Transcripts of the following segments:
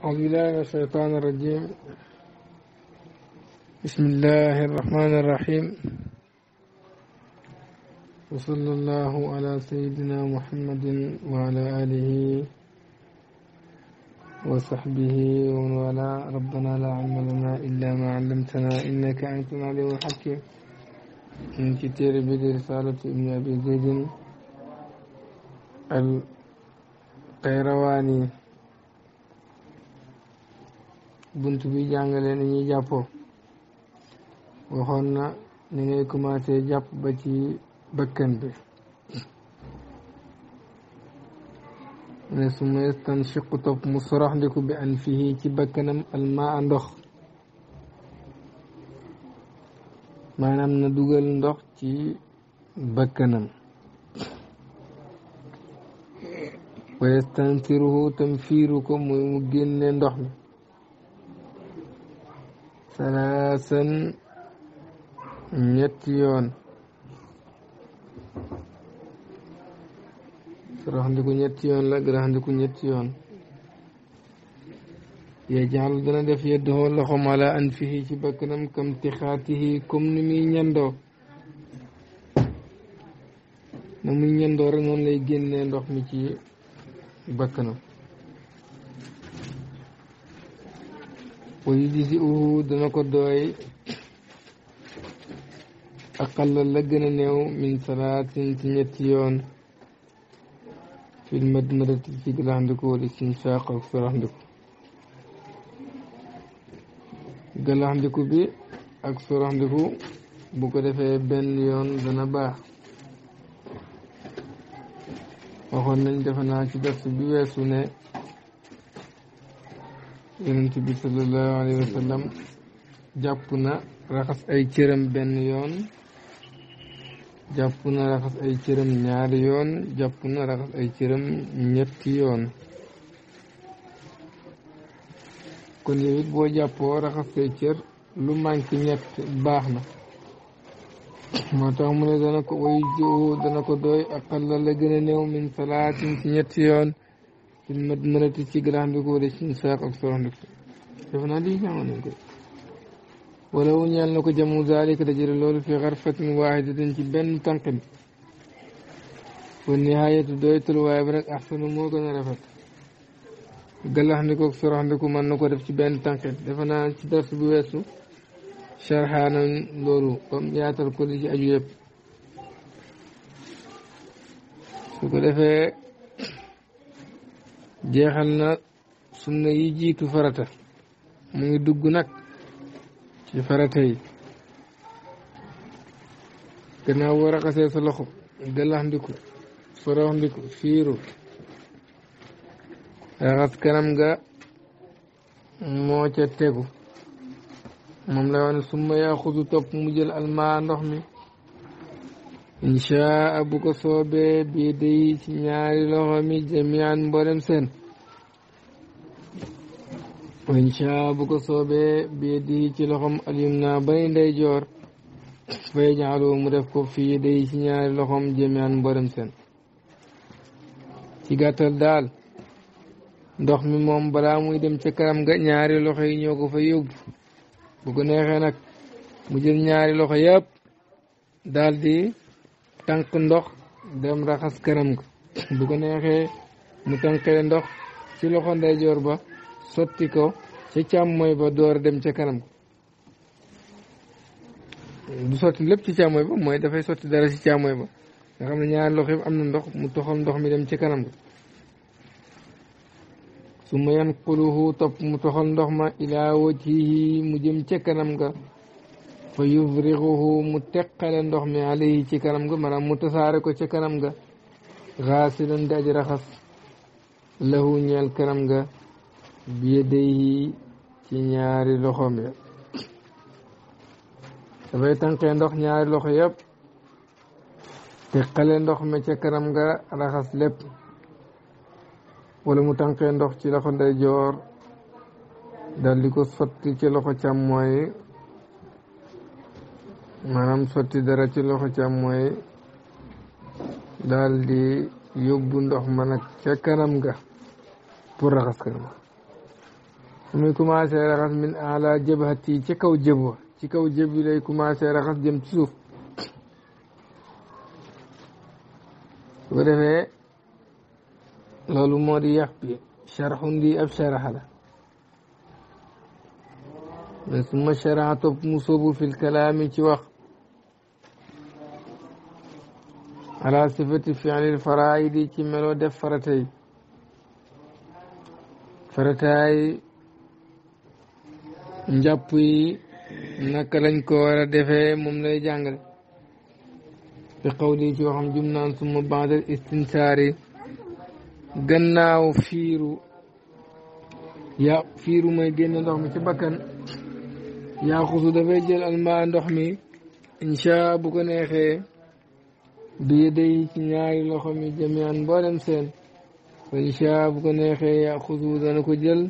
أعوذ بالله من الشيطان الرجيم بسم الله الرحمن الرحيم وصلى الله على سيدنا محمد وعلى آله وصحبه ومن والاه ربنا لا علم لنا إلا ما علمتنا إنك أنت العليم الحكيم من كتير بدي رسالة ابن أبي زيد القيرواني bunt bi jàngale ni ñuy jàppoo waxoon na ni ngay commencé jàpp ba ci bëkkan bi ne su ma yastanshiqu topp mu sorox ndiku bi an fii ci bakkanam almaa a ndox maanaam na dugal ndox ci bëkkanam wa yastansiruhu tam fiiru ko mooy mu génne ndox mi salaasan ñetti yoon raxandiku ñetti yoon la raxandiku ñetti yoon yajal dana def yeddoxoo loxom ala anfihi ci bakkanam kam tixaatihi comme ni muy ñandoo na muy ñandoo rek noonu lay génnee ndox mi ci bakk bakkanam wayu gisi uhu dana ko dooy aqalla la gën a néew min salaatin yoon fil madmadati ci galaxndiku wala istinshaaq ak soraxndiku galaxndiku bi ak soraxndiku bu ko defee benn yoon dana baax waxoon nañ defe naa ci dars bi weesu ne yonent bi sallallahu alayhi wa jàpp na raxas ay cëram benn yoon jàpp na raxas ay cëram ñaari yoon jàpp na raxas ay cëram ñetti yoon kon yow boo jàppoo raxas say cër lu manqué ñett baax na moo tax mu ne dana ko way jiwu dana ko doy aqalla la gën a néew min salaatin ci ñetti yoon fil madmanati ci garaandiku wala ci saaq ak sorandiku defe naa wala wu ñaan na ko jamu zaalika dajale loolu fi xarfatin waahidatin ci benn tànk bi wa nihaayatu waaye ba nag axsanu moo gën a rafet galaxndiku ak sorandiku mën na ko def ci benn tànk bi naa ci dars bu weesu sharxaana loolu comme yaatal ko li aju yëpp jeexal na sunna yi jiitu farata mu ngi dugg nag ci farata yi gannaaw war a sa loxo galax ndiku sorox ndiku fiiru raxas kanam nga moo ca tegu moom la wax ne summa topp mu jël almaa ndox mi inchaa bu ko soobee bii day ci ñaari loxo mi jamian mboolem seen inchaa bu ko soobee bii di ci loxom alyum naa bay ndey joor fay jaalu mu def ko fii day ci ñaari loxom jamian mboolem seen ci gàttal daal ndox mi moom balaa muy dem ca kanam ga ñaari loxo yi ñoo ko fa yóbbu bu ko neexee nag mu jël ñaari loxo yëpp daal di tànk ndox dem raxas kanam ga bu ko neexee mu tànkale ndox ci loxo ndeyjoor ba sotti ko ci càmmooy ba door dem ca kanam du sotti lépp ca càmmooy ba mooy dafay sotti dara ci càmmooy ba nga xam ne ñaari loxo yëpp am na ndox mu toxal ndox mi dem ci kanam ga su ma yan xuluhu topp mu toxal ndox ma ilaa wajhihi mu jëm ca kanam ga fa yufriguhu mu teqale ndox mi alayhi ci kanam ga maanaam mu tasaare ko ci kanam ga xaasilan daj raxas lahu ñeel kanam ga biyadayhi ci ñaari loxoom ya dafay tànqee ndox ñaari loxo yëpp teqale ndox mi ca kanam nga raxas lépp wala mu tànqee ndox ci loxo ndeyjoor dal di ko sotti ci loxo càmmooy manam soti dara ci loxo ci càmmooy daal di yóbbu ndox man ak ca kanam ga pour raxas kanam mi muy commencé raxas min ala jabhati ci kaw jëb ci kaw jëb bi lay commencé raxas jëm ci suuf su ko defee loolu moo bi sharhun di ab charaxa بس ما شرعت مصوب في الكلام تي fil ala sifati fi'lil faraidi ci melo def faratay farataay njàpp yi naka lañ ko war a defee moom lay jàngale fi qawli ci waxam jum naan summa ba'dal istinsaari gannaaw fiiru yaa fiiru mooy génn ndox mi ci bakkan yaa xusu dafay jël almaa ndox mi insha bu ko neexee bi day ci ñaari loxo mi jëmee an mboolem seen fa insha bu ko neexee yaxudu dana ko jël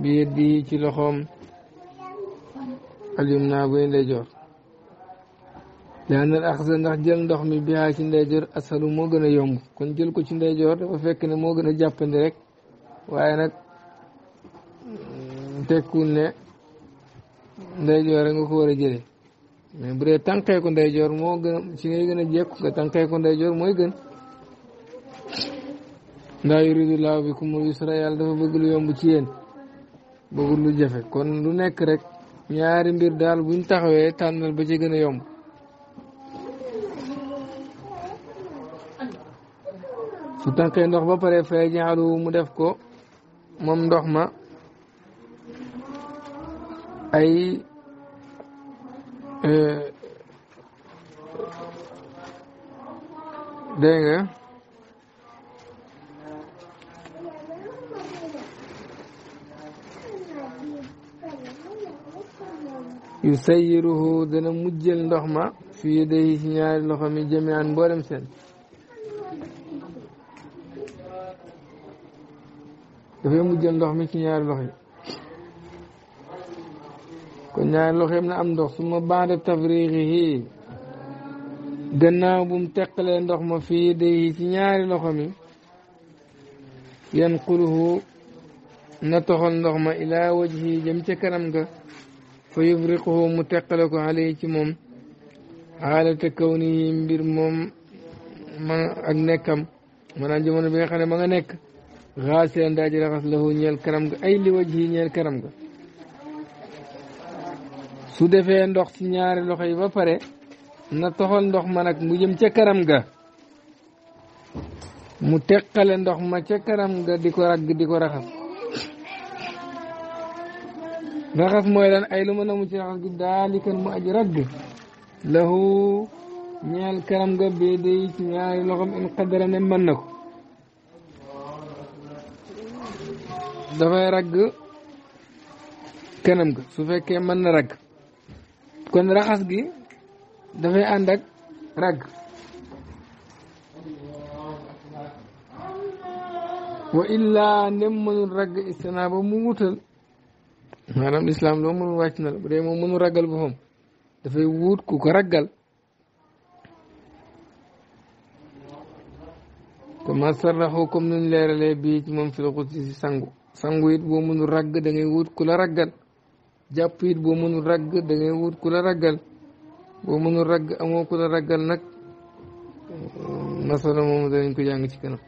bi di ci loxoom aljum naa buy ndeyjoor laanal axsa ndax jël ndox mi bihaa ci ndeyjoor asalu moo gën a yomb kon jël ko ci ndeyjoor dafa fekk ne moo gën a jàppandi rek waaye nag mm, tekkul ne ndeyjoor nga ko war a jëlee mais bu dee tànkee ko ndeyjoor moo gën ci ngay gën a jekku nga tànkee ko ndeyjoor mooy gën ndaa yuridu laahu bikumul yusra yàlla dafa bëgg lu yomb ci yéen bëggul lu jafe kon lu nekk rek ñaari mbir daal buñ taxawee tànnal ba ci gën a yomb su tànkee ndox ba pare fay ñaalu mu def ko moom ndox ma ay Euh, dégg nga yu sayyiruhu dana mujjël ndox ma fii day ci ñaari loxo mi jamian mboolem seen dafay mujjël ndox mi ci ñaari loxo yi كنا يقولون ابن عبد ثم بعد تفريغه غناو بوم تقل ندخ ما في يديه سي نياري لوخمي ينقله نتخل ندخ ما الى وجهه جم تي كرمغا فيفرقه متقلك عليه تي موم حالة كونه مبير موم ما اك نيكام مانا جمون بي خاني ماغا نيك غاسل نداجي راس له نيل كرمغا اي لوجهه نيل كرمغا su defee ndox ci ñaari loxo yi ba pare na toxal ndox ma nag mu jëm ca kanam ga mu teqale ndox ma ca kanam ga di ko ragg di ko raxas raxas mooy lan ay lu mu ci raxas gi daalikan mu aji ragg lahu ñeel kanam ga bee ñaari loxo in qadara ne mën na ko dafay ragg kanam ga su fekkee mën na ragg kon raxas gi dafay ànd ak ragg wa illaa ndem mënul ragg istana ba mu wutal maanaam lislaam loo mënul wàcc na la bu dee wuut ku ko raggal comme sarraxu comme nuñ fi la xut si sangu sangu it boo mënul ragg da ngay ku la raggal jàpp it boo mënul ragg da ngay wut raggal boo mënul ragg amoo ku la raggal nag masala moomu danañ ko jàng ci kanam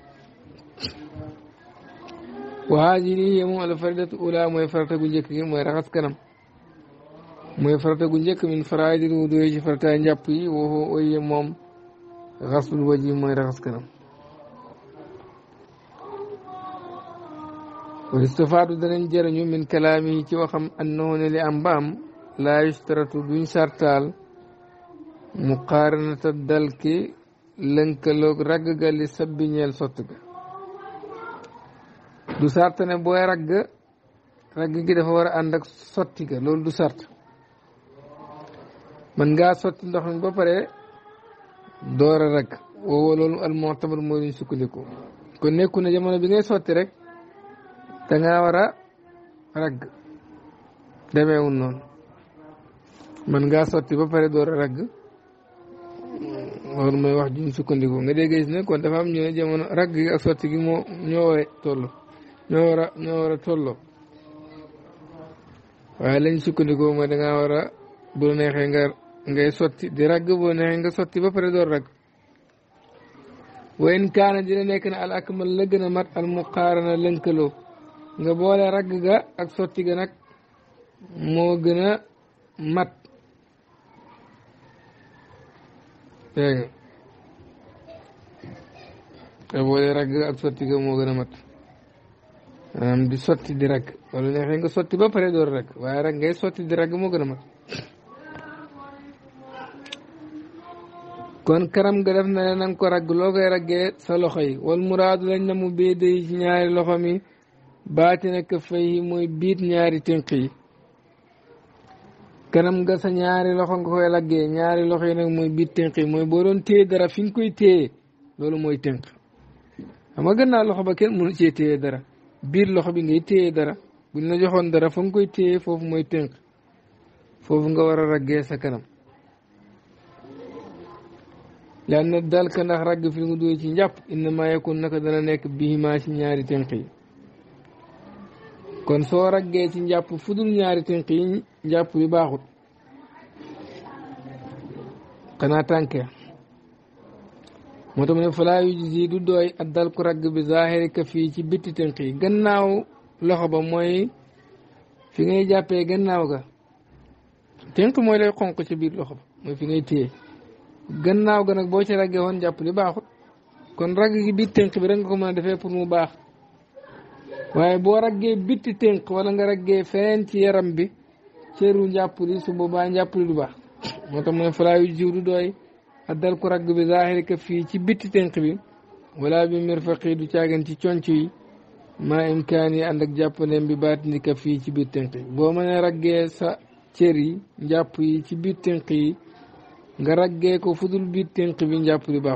wahaji lii moom al faridatu ula mooy farata gu njëkk gi mooy raxas kanam mooy farata gu njëkk min faraidil wudu ci farataay njàpp yi moom xaslul waji mooy raxas kanam wa istifaadu danañ jëriñu min kalaami ci waxam annahu ne li am baam laa yustaratu duñ sartaal muqaaranata dalki lënkaloog ragg ga li sabbi ñeel sott ga du sart ne booy ragg ragg gi dafa war a ànd ak sotti ga loolu du sart man ngaa sotti ndox mi ba pare door a ragg woowa loolu al mu'tabar mooy luñ ko kon nekku ne jamono bi ngay sotti rek danga war a ragg demeewul noonu man ngaa sotti ba pare door a ragg loolu mooy wax juñ sukkandiku nga déggee si ne kon dafa am ñu ne jamono ragg gi sotti gi moo ñoo war a tolloo ñoo war a ñoo war a tolloo waaye lañ sukkandikoo mooy dangaa war a bu neexee nga ngay sotti di ragg boo neexee nga sotti ba pare door ragg wa in kaana dina nekk na al akmal la gën a mat mu muqaarana lënkaloo nga boole ragg ga ak sotti ga nag moo gën a mat dégg nga boole ragg ak sotti ga moo gën a mat maanaam di sotti di ragg wala neexee nga sotti ba pare door ragg waaye ragg ngay sotti di ragg moo gën a mat kon karam ga def na ne na ko ragg loo koy raggee sa loxo yi wal muraadu lañ na mu bee day ci ñaari loxo mi baatina kaffayhi mooy biit ñaari tënk yi kanam nga sa ñaari loxo nga koy laggee ñaari loxo yi nag mooy biit tënk yi mooy boo doon téye dara fi nga koy téye loolu mooy tënk xam nga gannaaw loxo ba kenn mënu ci téye dara biir loxo bi ngay téye dara buñ la joxoon dara fa koy téye foofu mooy tënk foofu nga war a raggee sa kanam lan na dal ka ndax ragg fi mu duy ci njàpp inna maa yakun naka dana nekk bihimaa ci ñaari tënk yi kon soo raggee ci njàpp fudul ñaari tënk yi njàpp bi baaxut xanaa tànke moo tax mu ne falaa yujzi du doy ak dal ragg bi zahiri ka fii ci bitti tënk yi gannaaw loxo ba mooy fi ngay jàppee gannaaw ga tënk mooy lay xonq ci biir loxo ba mooy fi ngay téye gannaaw ga nag boo ci raggee woon njàpp li baaxut kon ragg gi biir tënk bi rek nga ko mën pour mu baax way bo ragge bitti tenk walla nga ragge fenti yaram bi ceeru jappuɗi subo ba jappuɗiɗu ba mo tam mune fala jiwɗu ɗo ye addal ko ragge ɓe zahiri ka fi ci bitti tenk ɓi wala ɓe mirfaqiɗu cagan ci concoyi ma imkani andak jappanen ɓe batidi ka fi ci bit tenki bo mane ragge sa ceeri jappuyi ci bit tenki nga ragge ko fudul bit tenki ɓi jappuɗi ba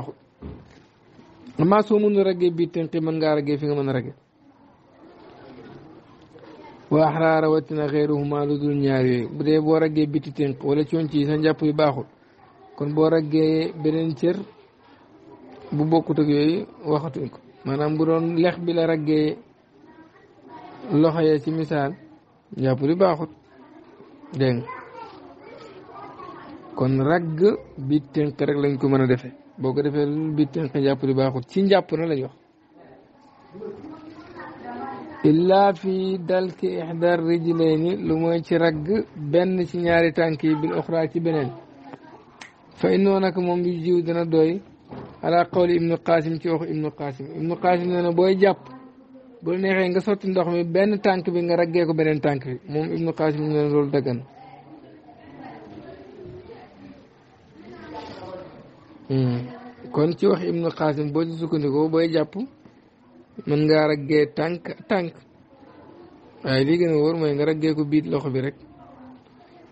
amma somunu ragge bit tenki man nga ragge fi nga man ragge wa axraa rawatina xeeruhuma lu dul ñaar yooyu bu boo raggee biti tënk wala coon ci sa njàpp yu baaxul kon boo raggee beneen cër bu bokkut ak yooyu waxatuñ ko maanaam bu doon lex bi la raggee loxo yee ci misaal njàpp li baaxut dégg kon ragg bi tënk rek lañ ko mën a defee boo ko defee lu bi tënk njàpp li baaxut ci njàpp na lañ wax illaa fi dalki ixdar rijlayni lu mooy ci ragg benn ci ñaari tànk yi bil oxra ci beneen fa innoo nag moom yu jiw dana doy ala qawli ibnu qasim ci waxu ibnu qasim ibnu qasim nee na booy jàpp bu la neexee nga sotti ndox mi benn tànk bi nga raggee ko beneen tànk bi moom ibnu qasim nee na loolu daggan hmm. kon ci wax ibnu qasim boo ci sukkandikoo booy jàpp mën nga raggee tànk tànk waaye lii gën a wóor mooy nga raggee ko biit loxo bi rek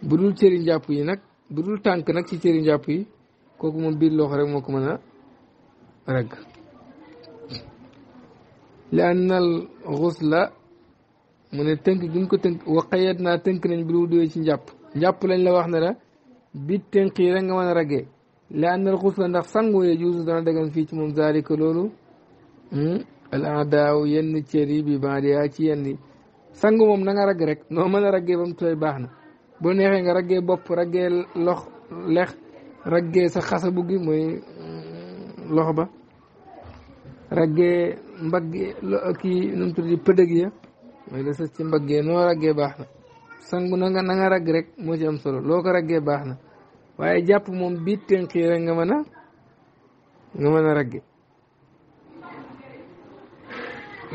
bu dul cëri njàpp yi nag bu dul tànk nag ci cëri njàpp yi kooku moom biit loxo rek moo ko mën a ragg li annal xusla mu ne tënk gi ko tënk waqayat naa tënk nañ bi ci njàpp njàpp lañ la wax ne la biit tënk yi rek nga mën a raggee li annal xusla ndax sangu yee juusu dana dagan fii ci moom zaalika loolu hmm? al aadaaw yenn cër yi bi baadiyaa ci yenn sangu moom na nga ragg rek noo mën a raggee ba mu tooy baax na bu neexee nga raggee bopp raggee lox lex raggee sa bu gi mooy lox ba raggee mbagg kii nu mu tuddi pëdëg ya mooy la sës ci mbaggee noo raggee baax na sangu na nga na nga ragg rek moo ci am solo loo ko raggee baax na waaye jàpp moom biit tënk rek nga mën a nga mën a raggee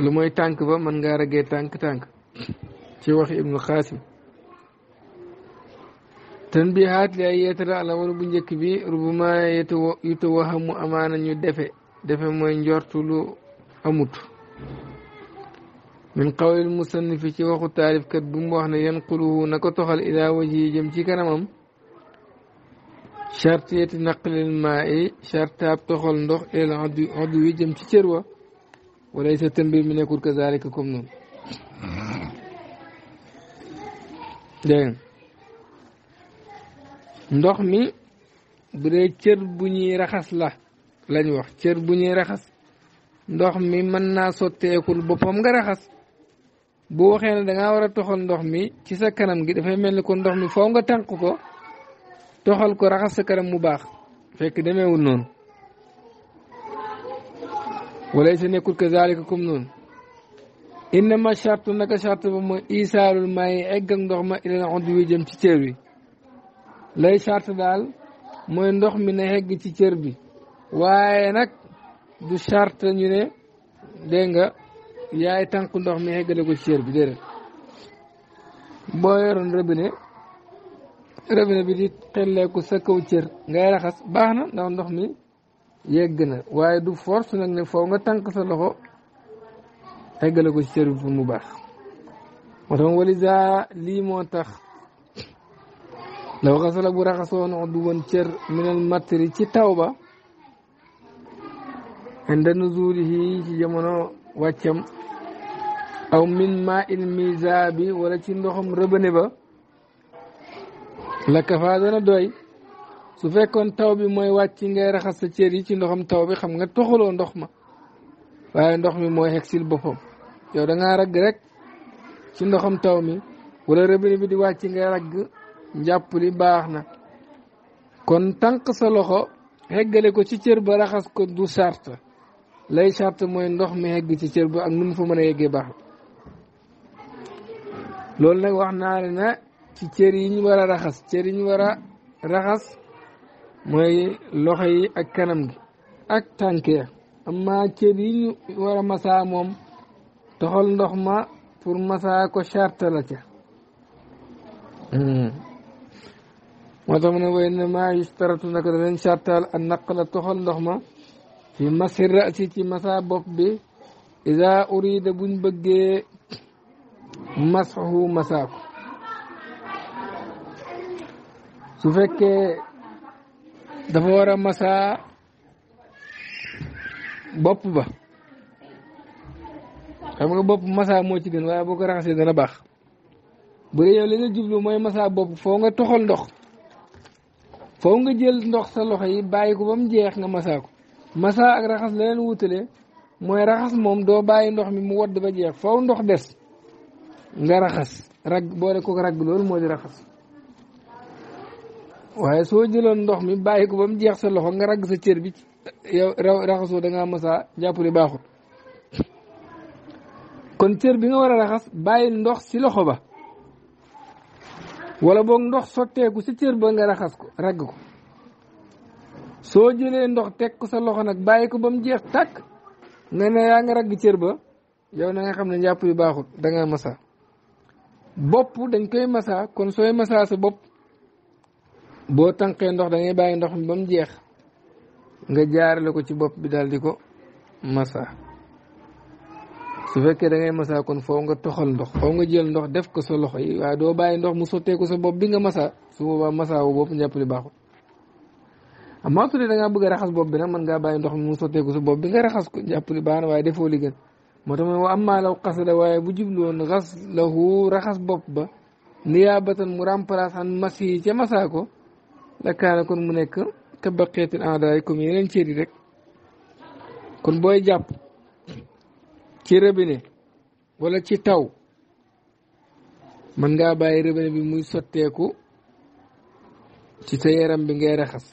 lu mooy tànk ba mën ngaa ragee tànk tànk ci ibnu xaasim ten bi haat li ay yeetara bu njëkk bi rubuma yuta waxamu amaana defe defe mooy njortu lu amut min qawlil musannifi ci waxu taarifkat bu mu wax ne yanquluhu na ko toxal ilaa jëm ci kanamam chartiyati naqlil maa i chartaab toxal ndox el addu yi jëm ci cër walaysa tanbiir mi nekkul kazaalika comme noonu dégg ndox mi bu dee cër bu ñuy raxas la lañ wax cër bu ñuy raxas ndox mi mën naa sotteekul boppam nga raxas bu waxee ne danga ngaa war a toxal ndox mi ci sa kanam gi dafay mel ni ko ndox mi foo nga tànk ko toxal ko raxas sa kanam mu baax fekk demeewul noonu walaysa nekkul ka zalika comme noonu innama charte naka charte ba mooy isaalul maayi egg ak ndox ma ilal ond wi jëm ci cër bi lay charte daal mooy ndox mi na egg ci cër bi waaye nag du charte ñu ne dégg nga yaay tànk ndox mi eggale ko ci bi déedéet boo yoroon robinet robinet bi di xelleeku sa kaw cër ngay raxas baax na ndax ndox mi yegg na waaye du force nag ne foo nga tànk sa loxo eggale ko ci cër bi pour mu baax moo tax walisa lii moo tax law xasala bu raxasoo nox du woon cër minal matri ci taw ba inda nuzulihi ci jamono wàccam aw min ma il misa bi wala ci ndoxam rëbëne ba la kafaa dana doy su fekkoon taw bi mooy wàcc ngay raxas sa cër yi ci ndoxam taw bi xam nga toxaloo ndox ma waaye ndox mi mooy hegsil boppam yow dangaa ragg rek ci ndoxam taw mi wala robinet bi di wàcc ngay ragg njàpp li baax na kon tànk sa loxo heggale ko ci cër ba raxas ko du charte lay charte mooy ndox mi hegg ci cër ba ak nu mu fa mën a yeggee baax loolu nag wax naa ne na ci cër yi ñu war a raxas cër yi ñu war a raxas mooy loxo yi ak kanam gi ak tànk ya amma cër yi ñu masaa moom toxal ndox ma pour masaa ko charte la ca hmm. moo tax mu ne way ne maa yustaratu naka da leen a naq toxal ndox ma fi masir rasi ci masaa bopp bi ida urida buñ bëggee masxu masaa ko su fekkee dafa war a masa bopp ba xam nga bopp masaa moo ci gën waaye boo ko raxasee dana baax bu dee yow li nga jublu mooy masaa bopp foo nga toxal ndox foo nga jël ndox sa loxo yi bàyyi ko ba jeex nga masaa ko masaa ak raxas la leen wutale mooy raxas moom doo bàyyi ndox mi mu wodd ba jeex foo ndox des nga raxas rag boole ko rag loolu moo di raxas waye so jëloon ndox mi bayiko bam jeex sa loxo nga rag sa cër bi yow raxaso da nga mësa jàpp ne baxut kon cër bi nga wara raxas bayil ndox ci loxo ba wala bok ndox sotteeku ci cër ba nga raxas ko rag ko so jëlé ndox tek ko sa loxo nak bayiko bam jeex tak nga ne ya nga rag cër ba yow na nga xamne baxut da nga masa bop dañ koy masa kon soy masa sa bop boo tànqee ndox da ngay bàyyi ndox mi ba mu jeex nga jaarale ko ci bopp bi daal di ko masa su fekkee da ngay masa kon foo nga toxal ndox foo nga jël ndox def ko sa loxo yi waaye doo bàyyi ndox mu sotteeku ko sa bopp bi nga masa su boobaa masa wu bopp njàpp li baaxul da ngaa bëgg a raxas bopp bi nag mën bàyyi ndox mi mu sottee ko sa bopp bi nga raxas ko njàpp li baax na waaye defoo li gën moo tax wa amma law qasada waaye bu jubloon xas lahu raxas bopp ba niyaabatan mu remplace an masi ca masaa ko la kaana kon mu nekk ka baqeetul aadaay comme yeneen cër rek kon booy jàpp ci robinet wala ci taw mën ngaa bàyyi robinet bi muy sotteeku ci sa yaram bi ngay raxas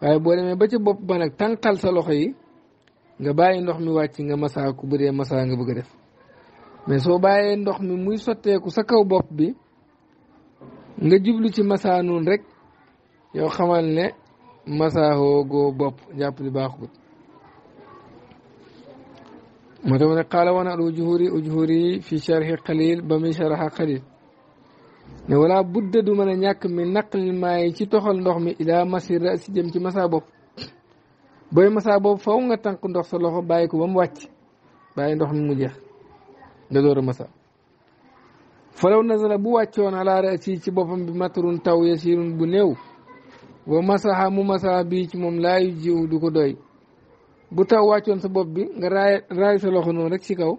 waaye boo demee ba ci bopp ba nag tànqal sa loxo yi nga bàyyi ndox mi wàcc nga masaa ku bu dee masaa nga bëgg a def mais soo bàyyee ndox mi muy sotteeku sa kaw bopp bi nga jublu ci masaa noonu rek yow xamal ne masaaxoo goo bopp jàpp li baaxut moo tax ne qaala wana al ujhuri ujhuri fi sharxi xalil ba muy sharxa xalil ne wala budda du mën a ñàkk mi naqlil maayi ci toxal ndox mi ila masira si jëm ci masa bopp booy masa bopp faw nga tànk ndox sa loxo bàyyi ko ba mu wàcc bàyyi ndox mi mu jeex nga door a masa falaw nazala bu wàccoon ala raasi ci boppam bi matrun taw yasirun bu néew wa masaa mu masaha bii ci moom laa jiw du ko doy bu taw wàccoon sa bopp bi nga raay raay sa loxo noonu rek ci kaw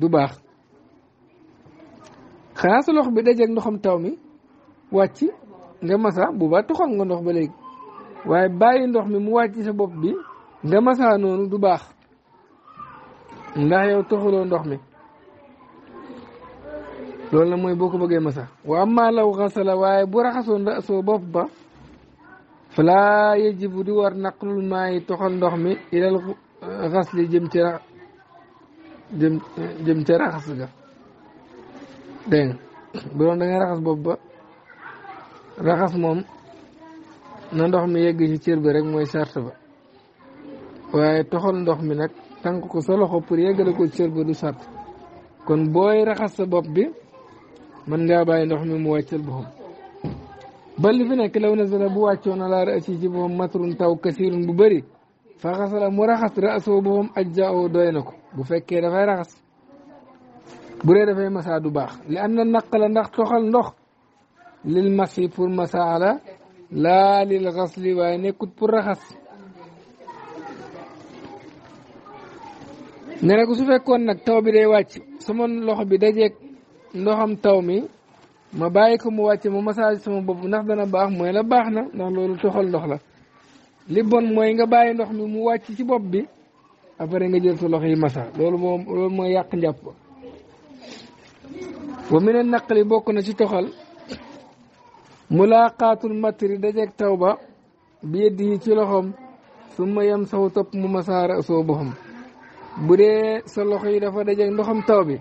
du baax xanaa sa loxo bi jeg ndoxam taw mi wàcc nga masa bu ba toxal nga ndox ba léegi waaye bàyyi ndox mi mu wàcc sa bopp bi nga masa noonu du baax ndax yow toxaloo ndox mi loolu na mooy boo ko bëggee masa wa amma law xasala waaye bu raxasoon soo bopp ba fala yajibu di war naqlul maa yi toxal ndox mi ilal xasli jëm ci ra jëm raxas ga dégg bu doon da ngay raxas bopp ba raxas moom na ndox mi yegg ci cër bi rek mooy sart ba waaye toxal ndox mi nag tànk ko sa loxo pour yeggale ko cër ba du sart kon booy raxas sa bopp bi mën ngaa bàyyi ndox mi mu wàccal boppam ba li fi nekk law nazala bu wàccoon ala raasi ci boppam matrun taw kasirun bu bëri fa xasala mu raxas raasoo boppam ajjaoo doy na ko bu fekkee dafay raxas bu dee dafay masaa du baax li an na naqala ndax toxal ndox lil masi pour masaa la laa lil xasli waaye nekkut pour raxas ne nag su fekkoon nag taw bi day wàcc sama loxo bi dajeeg ndoxam taw mi ma bàyyi ko mu wàcc ma massage sama bopp ndax dana baax mooy la baax na ndax loolu toxal ndox la li bon mooy nga bàyyi ndox mi mu wàcc ci bopp bi après nga jël sa loxo yi massa loolu mooy yàq njàpp wa mi ne naqli bokk na ci toxal mulaaqaatul matri dajeeg taw ba bi yeddi ci loxoom su ma yem saw topp mu masaara soo boxam bu dee sa loxo yi dafa dajeeg ndoxam taw bi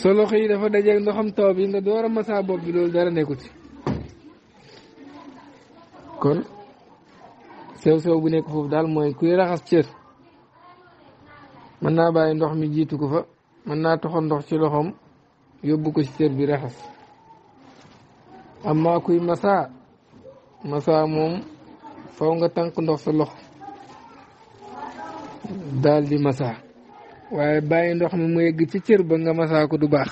sa loxo yi dafa dajeeg ndoxam taw bi nga door a masaa bopp loolu dara nekku ci kon sew sew bu nekk foofu daal mooy kuy raxas cër mën naa bàyyi ndox mi jiitu ko fa mën naa toxal ndox ci loxoom yóbbu ko ci cër bi raxas amma kuy masaa masaa moom faw nga tànk ndox sa loxo daal di masaa waaye bàyyi ndox mi mu yegg ci cër ba nga masaa ko du baax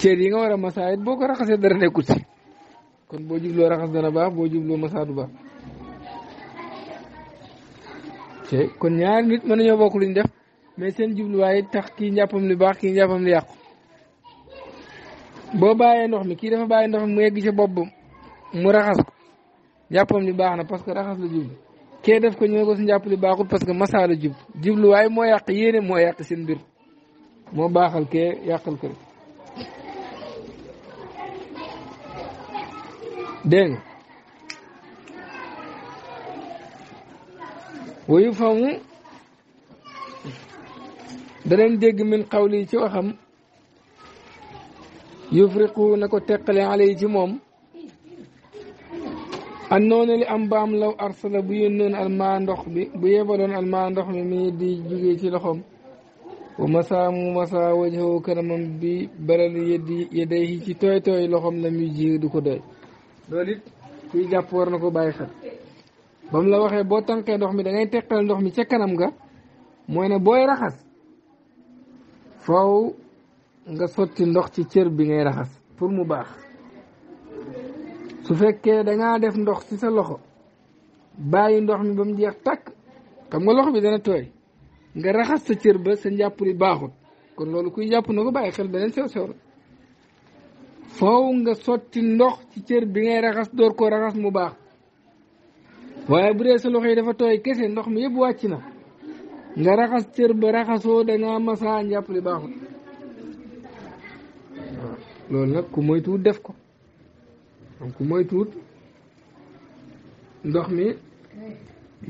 cër yi nga war a masaa boo ko raxasee dara nekkul ci kon boo jubloo raxas dana baax boo jibloo masaa du baax te kon ñaari nit mën nañoo bokk luñ def mais seen jubluwaay tax kii njàppam li baax kii njàppam li yàqu boo bàyyee ndox mi kii dafa bàyyi ndox mi mu yegg ci boppam mu raxas ko njàppam li baax na parce que raxas la jublu kee def ko ñu ne ko si njàpp li baaxul parce que masaala jub jubluwaay moo yàq yéene moo yàq seen mbir moo baaxal kee yàqal ko dégg nga wayu famu daneen dégg min xawli ci waxam yufriqu na ko teqale ale yi ci moom an am baam law arsala bu yónnoon almaa ndox bi bu yebaloon almaa ndox mi mi di jugee ci loxoom masaa mu masaa wajhahu kanamam bi baral yeddi yedday ci tooy loxoom la muy du ko doy loolu it kuy jàpp war na ko bàyyi xel ba mu la waxee boo tànkee ndox mi da ngay teqal ndox mi ca kanam ga mooy ne booy raxas faaw nga sotti ndox ci cër bi ngay raxas pour mu baax su fekkee dangaa def ndox ci sa loxo bàyyi ndox mi ba mu jeex takk xam nga loxo bi dana tooy nga raxas sa cër ba sa njàpp li baaxut kon loolu kuy jàpp na ko bàyyi xel beneen sew sew la foow nga sotti ndox ci cër bi ngay raxas door koo raxas mu baax waaye bu dee sa loxo yi dafa tooy kese ndox mi yëpp wàcc na nga raxas cër ba raxasoo dangaa masaa njàpp li baaxut loolu nag ku moytu def ko donc mooy tuut ndox mi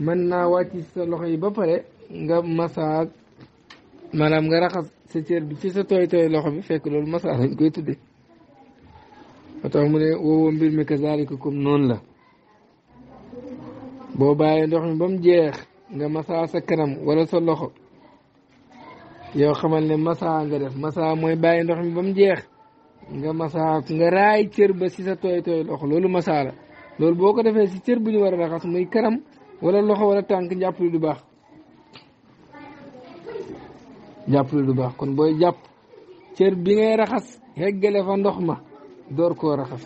mën naa wàcc sa loxo yi ba pare nga masaag maanaam nga raxas sa cër bi ci sa tooy tooy loxo bi fekk loolu masaag lañ koy tudde ba tax mu ne woowoo mbir mi kazaalika comme noonu la boo bàyyee ndox mi ba mu jeex nga masaa sa kanam wala sa loxo xamal ne masaa nga def masaa mooy bàyyi ndox mi ba mu jeex nga masaa nga raay cër ba si sa tooy tooy loxo loolu masaa la loolu boo ko defee si cër bu ñu war a raxas muy karam wala loxo wala tànk njàpp li du baax jàpp du baax kon booy jàpp cër bi ngay raxas heggale fa ndox ma door koo raxas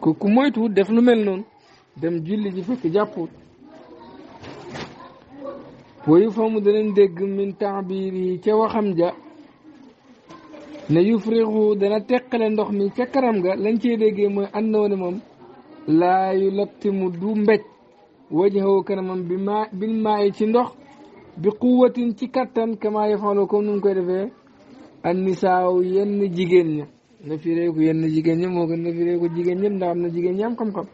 ku ku moytu def lu mel noonu dem julli ji fekk jàpput wayu fa mu danañ dégg min taabir yi ca waxam ja ne yufrigu dana teqale ndox mi ca kanam ga lañ cee déggee mooy àndoo ne moom laa yu laptimu du mbéj wajhahu kanamam bi maa bi maa ci ndox bi quwwatin ci kattan kama yafalu comme nu mu koy defee an nisaaw yenn jigéen ña na firee ko yenn jigéen ña na firee ko jigéen ñëpp ndax am na jigéen ñi am xam-xam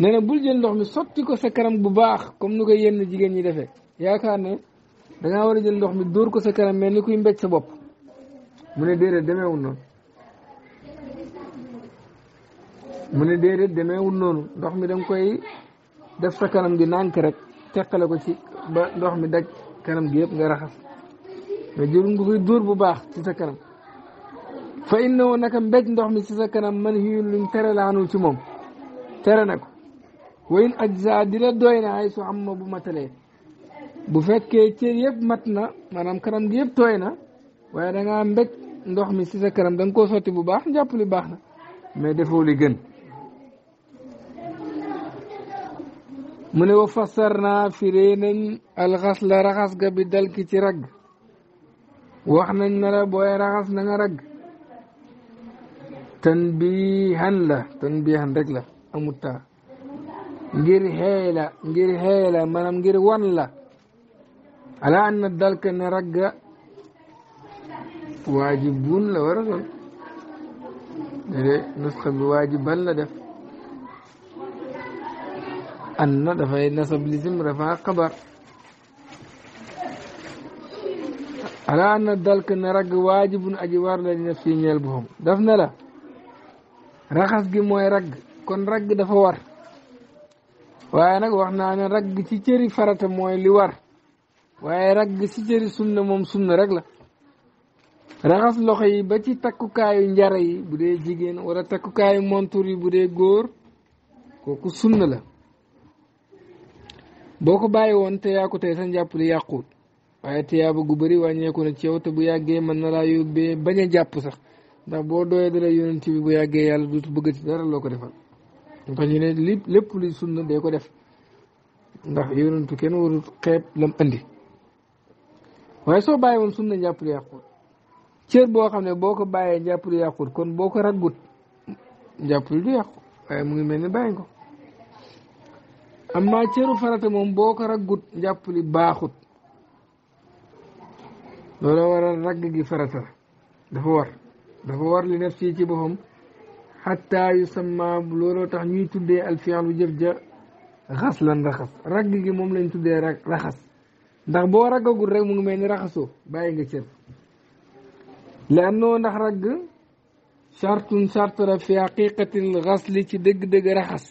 nee na bul jël ndox mi sotti ko sa kanam bu baax comme nu ko yenn jigéen ñi defee yaakaar ne da ngaa war a jël ndox mi dóor ko sa kanam mel ni kuy mbéj sa bopp mu ne déedéet demeewul noonu mu ne déedéet demeewul noonu ndox mi da koy def sa kanam gi nànk rek teqale ko ci ba ndox mi daj kanam gi yëpp nga raxas nga jël nga koy bu baax ci sa kanam fa innahu naka mbéj ndox mi ci sa kanam man hiin luñ tere laanul ci moom tere na ko wayin ajsa di la doy na ay su am bu matalee bu fekkee ci yëpp mat na maanaam kanam gi yëpp tooy na waaye da ndox mi si sa kanam da nga koo sotti bu baax njàpp li baax na mais defoo li mu ne wa fassar naa firee nañ la raxas ga bi ki ci ragg wax nañ na la booy raxas na ragg tanbihan la tanbihan rek la amut taa ngir xeey ngir xeey la ngir wan la ala an na dalk ne ragga waajibun la war a sol de bi waajiban la def an na dafay nasab lisim rafa xabar ala an na dalk ne ragg waajibun aji war la di naf si ñeel boppam daf na la raxas gi mooy ragg kon ragg dafa war waaye nag wax naa ne ci cëri farata mooy li war waaye ragg si jëri sunna moom sunna rek la raxas loxo yi ba ci takkukaayu njara yi bu dee jigéen wala takkukaayu montur yi bu dee góor kooku sunna la boo ko bàyyi woon te yaa ko tey sa njàpp li yàquut waaye te yaa ba gu bëri wàññeeku na ci yow te bu yàggee mën na laa yóbbee bañ a jàpp sax ndax boo dooyee dara yonent bi bu yàggee yàlla dootu bëgg ci dara loo ko defal moo tax lépp luy sunna dee ko def ndax yonentu kenn warul xeeb lam andi waaye soo bàyyi moom sunna njàpp lu yàqut cër boo xam ne boo ko bàyyee njàpp lu yàqut kon boo ko raggut njàpp lu du waaye mu ngi mel ni bàyyi ko amma cëru farata moom boo ko raggut njàpp li baaxut loolu waral ragg gi farata dafa war dafa war li naf si ci boppam xatta yu sama looloo tax ñuy tuddee alfian lu jëf ja raxas lan raxas ragg gi moom lañ tuddee raxas ndax boo raggagul rek mu ngi mel raxasoo bàyyi nga cër lanoo ndax ragg chartun charte la fi haqiqatil xasli ci dëgg-dëgg raxas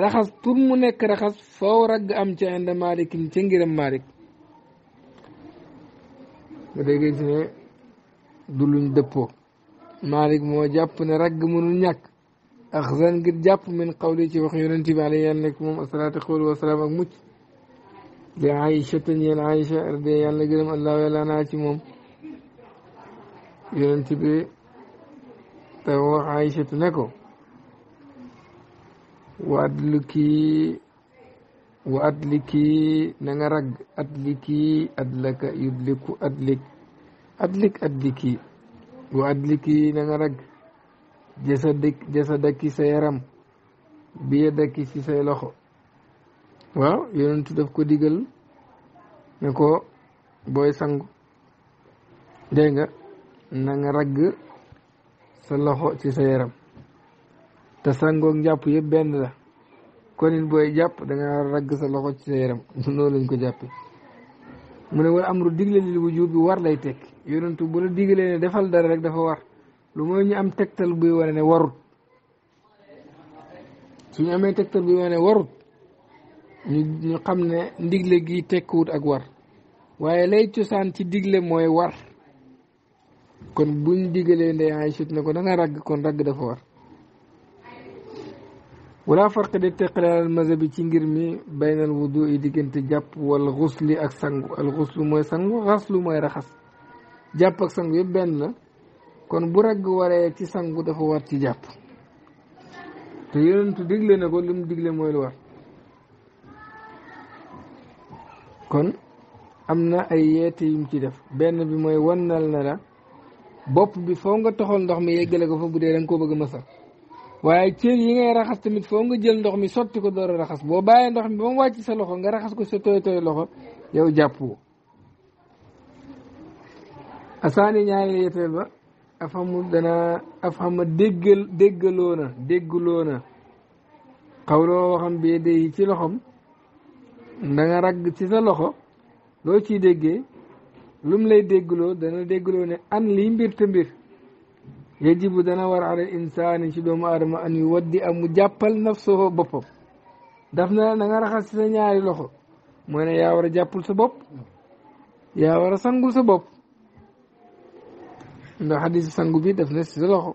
raxas pour mu nekk raxas foo ragg am ca inda malikin ca ngiram malik ba dégg ci ne du luñ dëppoo malik moo jàpp ne ragg mënul ñàkk axzan ngir jàpp min qawli ci wax yonent bi alayhi nekk moom asalaatu xool wasalaam ak mucc de Aïcha te ñeen Aïcha arde yàlla gërëm allahu yàlla naa ci moom yonent bi te wax Aïcha te ne ko wa adliki wa adliki na nga rag adliki adlaka adliki wa adliki na nga rag jasadaki sa yaram bi yadaki ci say loxo waaw yonentu daf ko digal ne ko booy sangu dégg nga na ragg sa loxo ci sa yaram te sangoog njàpp yëpp benn la kon it booy jàpp danga ragg sa loxo ci sa yaram noonu lañ ko jàppee mu ne wal amru digle lil wujub bi war lay tekk yonentu bu la digalee ne defal dara rek dafa war lu mooy ñu am tegtal buy wane ne warut suñu amee tegtal buy wane ne warut ñu xam ne ndigle gi tekkiwut ak war waaye lay cosaan ci digle mooy war kon buñ digalee ndey Aysha ne ko da nga ragg kon ragg dafa war wala farq de teqale al mazhabi ci ngir mi baynal wudu yi diggante jàpp wala xusli ak sangu al xuslu mooy sangu xaslu mooy raxas jàpp ak sangu yëpp benn la kon bu ragg waree ci sangu dafa war ci jàpp te yonentu digle na ko li mu digle mooy war kon am na ay yeete yum ci def benn bi mooy wannal na la bopp bi foo nga toxal ndox mi yeggale ko fa bu dee da koo bëgg a mësal waaye cër yi ngay raxas tamit foo nga jël ndox mi sotti ko door a raxas boo bàyyee ndox mi ba mu wàcc sa loxo nga raxas ko sa tooy tooy loxo yow jàppoo asaani ñaari yeeteel ba afamu dana afama déggal déggaloona déggaloona xawloo waxam bi day ci loxom da nga ragg ci sa loxo loo ciy déggee lum lay déggloo dana déggloo ne an lii mbir te mbir yajibu dana war ala insaani ci doomu aadama an yu waddi am mu jàppal nafsahu boppam daf na da nga raxas sa ñaari loxo mooy ne yaa war a jàppul sa bopp yaa war a sangul sa bopp ndax xadis sangu bi daf na si sa loxo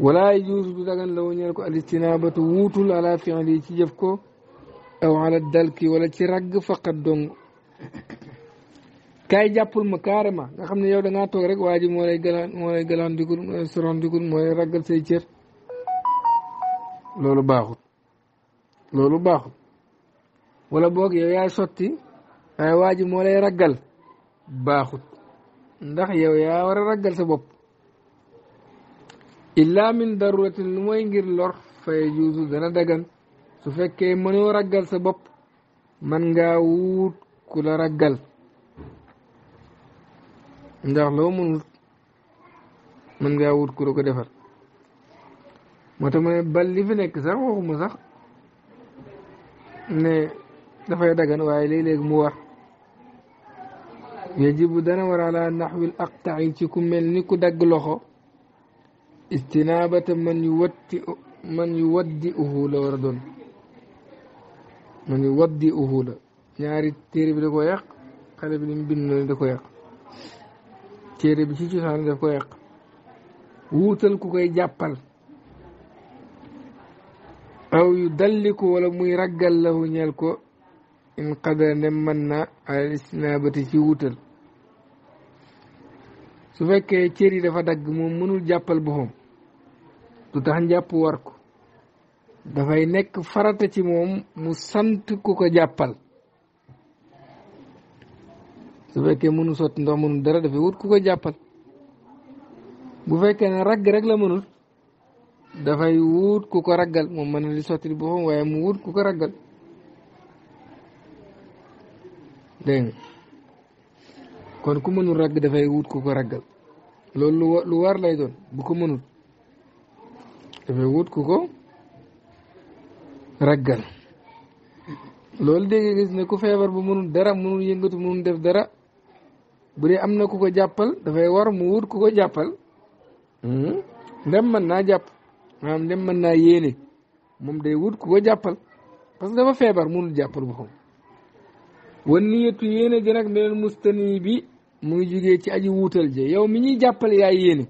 wala yajuusu du dagan la wu ñeel ko al istinaabatu wuutul ala fi'li ci jëf ko aw ala dalki wala ci ragg faqat dong kaay jàppul ma carrément nga xam ne yow da ngaa toog rek waa ji moo lay galaan moo lay galaan digul moo lay soron digul moo lay raggal say cër loolu baaxul loolu baaxul wala boog yow yaay sotti waaye waa ji moo lay raggal baaxut ndax yow yaa war a raggal sa bopp illa min daruratin lu mooy ngir lor fay juusu dana dagan su fekkee mënoo ragal sa bopp man ngaa wuut ku la ragal ndax loo mënul man ngaa wut ku la ko defar moo tax mu ne li fi nekk sax waxuma sax ne dafay dagan waaye léeg-léeg mu wax yajibu dana war ala naxwil aqta'i ci ku mel ni ku dagg loxo istinaabata man yu watti man yu waddi uhu war a doon mu ni waddi uhu ñaari téere bi da ko yàq xale bi ni bind noonu da ko yàq téere bi ci cosaan daf ko yàq wuutal ku koy jàppal aw yu dalliku wala muy raggal lahu ñeel ko in qadara ne mën na al istinaabati ci wuutal su fekkee cër yi dafa dagg moom mënul jàppal boppam du tax njàpp war ko dafay nekk farata ci moom mu sant ku ko jàppal su fekkee mënu sotti ndox mënu dara dafay wut ku ko jàppal bu fekkee ne ragg rek la mënul dafay wut ku ko raggal moom mën na di sotti boppam waaye mu wut ku ko raggal dégg kon ku mënul ragg dafay wut ku ko raggal loolu lu war lay doon bu ko mënul dafay wut ku ko raggal loolu dégg gis ne ku feebar bu mënul dara mënul yëngatu mënul def dara bu dee am na ku ko jàppal dafay war mu wut ku ko jàppal hmm? ndem mën naa jàpp maanaam ndem mën naa yéene moom day wut ku ko jàppal parce que dafa feebar mënul jàppal boppam wan niyatu yéene ji nag meneen mustani bi mu ngi jugee ci aji wuutal je yow mi ñuy jàppal yaay yéene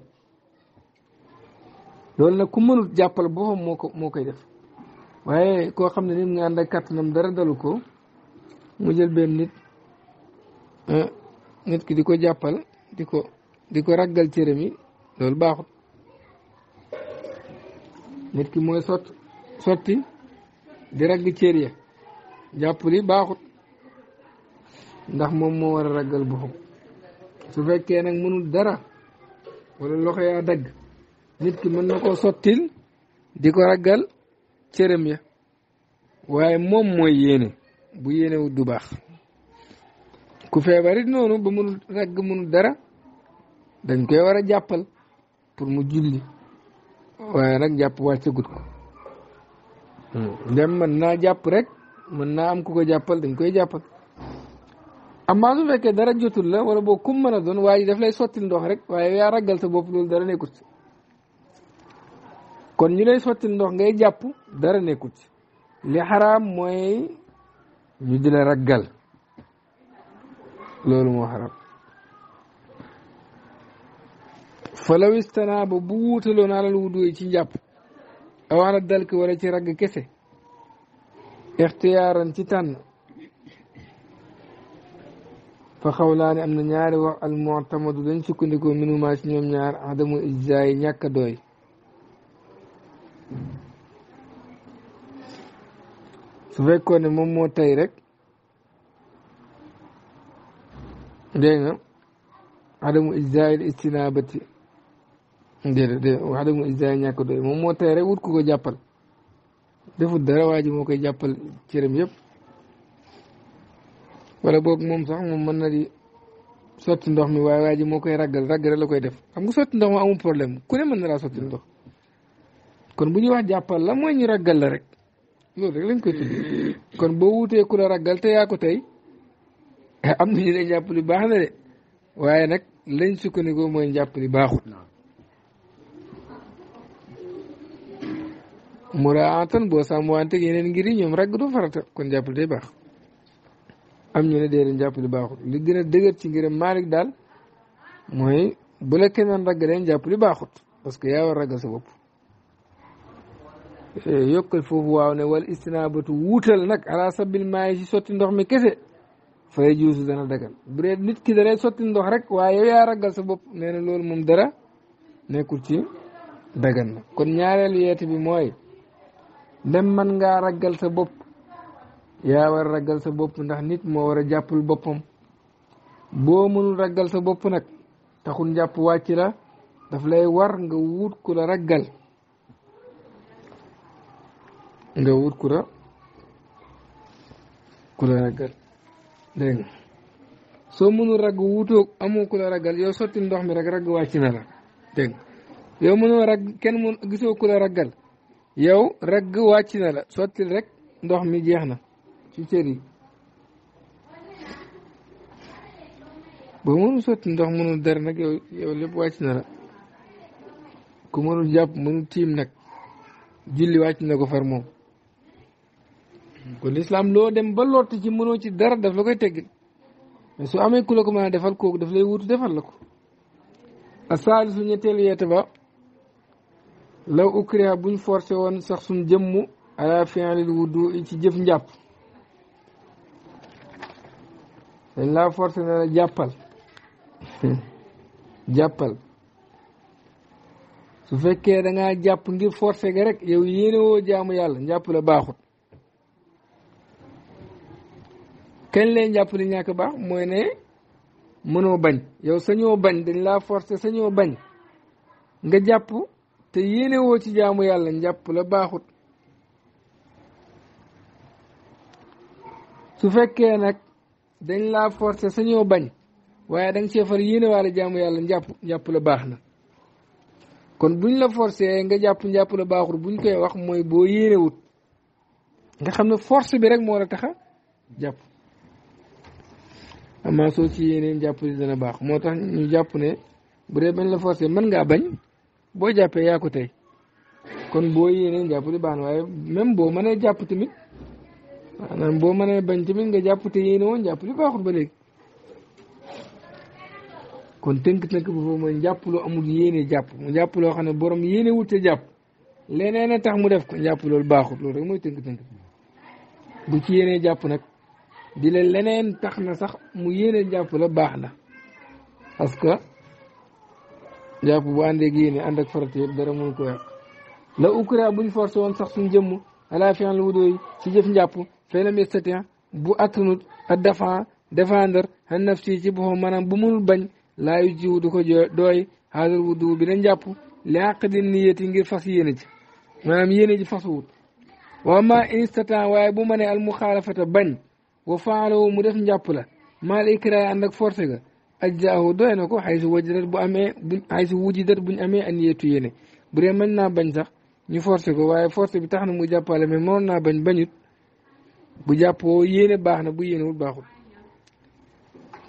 loolu nag ku mënul jàppal boppam moo ko moo koy def waaye koo xam ne nit nga ànd ak kàttanam dara dalu ko mu jël benn nit ah, nit ki di ko jàppal di ko di ko raggal cëram yi loolu baaxut nit ki mooy sot sotti di ragg cër ya jàpp li baaxut ndax moom moo war a raggal boppam su fekkee nag mënul dara wala loxo yaa dagg nit ki mën na koo sottil di ko raggal cëram ya waaye moom mooy yéene bu yéenewut du baax ku feebarit noonu ba mënul ragg mënul dara dañ koy war a jàppal pour mu julli waaye nag jàpp wàccagut ko hmm. dem man naa jàpp rek man naa am ku ko jàppal dañ koy jàppal amaa su fekkee dara jotul la wala boo kum mën a doon waaye daf lay sotti ndox rek waaye yaa raggal sa bopp loolu dara nekkut kon ñu lay sotti ndox ngay jàpp dara nekkut li xaraam mooy ñu di la raggal loolu moo xaraam falaw istanaaba bu wuutaloon alal wudu ci jàpp aw ala dalk wala ci ragg kese ixtiyaaran ci tànn fa xawlaani am na ñaari wax al mutamadu dañ sukkandikoo minuma ñoom ñaar adamu ijzaayi ñàkk doy su fekkoon ne moom moo tey rek dégg nga adamu ijzaayil istinaabati déedéet de adamu ijzaayil ñàkk doy moom moo tey rek wut ku jàppal defut dara waa ji moo koy jàppal cëram yëpp wala boog moom sax moom mën na di sotti ndox mi waaye ji moo koy raggal raggal la koy def am nga sotti ndox ma amul problème ku ne mën na laa sotti ndox kon bu ñuy wax jàppal la mooy ñu ragal la rek loolu rek lañ koy tudd kon boo wutee ku la ragal te yaa ko tey am na ñu ne njàpp li baax na de waaye nag lañ sukkandiku mooy njàpp li baaxut muraatan boo sàmmanteeg yeneen ngir yi ñoom ragg du farata kon njàpp li day baax am ñu ne déedéet njàpp li baaxut li gën a dëgër ci ngiram Maalik daal mooy bu la keneen ragg day njàpp li baaxut parce que yaa war ragal sa bopp. Eh, yokkal foofu waaw ne wal istinaabatu wuutal nag ala sabil maayi si sotti ndox mi kese fay juusu dana dagal bu nit ki dalay sotti ndox rek waaye yow yaa ragal sa bopp nee na loolu moom dara nekkul ci dagan na kon ñaareelu yeete bi mooy dem man ngaa raggal sa bopp yaa war a ragal sa bopp ndax nit moo war a jàppul boppam boo mënul ragal sa bopp nag taxul jàpp wàcc la daf lay war nga wut ku la ragal nga wut kura la ku la ragal dégg nga soo mënul ragg wutoo amoo ku la ragal yow sotti ndox mi rek ragg wàcc na la dégg nga yow ragg kenn mën gisoo ku la ragal yow ragg wàcc na la sottil rek ndox mi jeex na ci cër yi boo mënul sotti ndox mënul dara nag yow yow lépp na la ku mënul jàpp mënul tiim nag julli wàcc na ko far moom kon lislaam loo dem ba lott ci mënoo ci dara daf la koy teggil mais su amee ku la ko mën a defal kooku daf lay wutu defal la ko asaalisu ñetteelu yeete ba law ukriha buñ forcé woon sax suñ jëmm ala ci jëf njàpp dañ laa forcé na la jàppal jàppal su fekkee dangaa jàpp ngir forcé ga rek yow yéene woo jaamu yàlla njàpp la baaxut kañ lay jàpp ni ñàkk baax mooy ne mënoo bañ yow sañoo bañ dañ laa forcé sañoo bañ nga jàpp te yéene ci jaamu yàlla njàpp la su fekkee nag dañ laa forcé sañoo bañ waaye danga nga cee yéene waale jaamu yàlla njàpp njàpp la baax na kon buñ la forcé nga jàpp njàpp la baaxut buñ koy wax mooy boo yéene nga xam ne force bi rek moo la tax jàpp amaa soo ci yéeneen jàpp di dana baax moo tax ñu jàpp ne bu dee bañ la forcé man ngaa bañ boo jàppee yaa ko tey kon boo yéeneen jàpp di baax na waaye même boo mënee jàpp tamit maanaam boo mënee bañ tamit nga jàpp te yéene woon jàpp li baaxul ba léegi kon tënk-tënk bu foofu mooy njàpp loo amul yéene jàpp mu jàpp loo xam ne borom yéene wut te jàpp leneen a tax mu def ko njàpp loolu baaxut rek mooy tënk-tënk bu ci yéene jàpp nag di la leneen tax na sax mu yéene jàpp la baax na parce que jàpp bu àndeeg yéene ànd ak farata dara mun ko yàq la ukra buñ forcé woon sax suñu jëmm ala fian la wudoy ci jëf njàpp mes yestatin bu attanut a defan défendre han nafsi ci boppam maanaam bu munul bañ laa yu jiw du ko dooy xaadar wudu bi na njàpp li àq di niyati ngir fas yéene ci maanaam yéene ji fas wut wa ma instatan waaye bu ma ne al muxaalafata bañ wa faalawu mu def njàpp la maal ikraay ànd ak forcé ga ajjaahu doy na ko xay su wajidat bu amee buñ xay su wujidat amee an yeetu yéene bu dee naa bañ sax ñu forcé ko waaye forcé bi tax na mu jàppale ma mënoon naa bañ bañut bu jàppoo yéene baax na bu yéenewul baaxul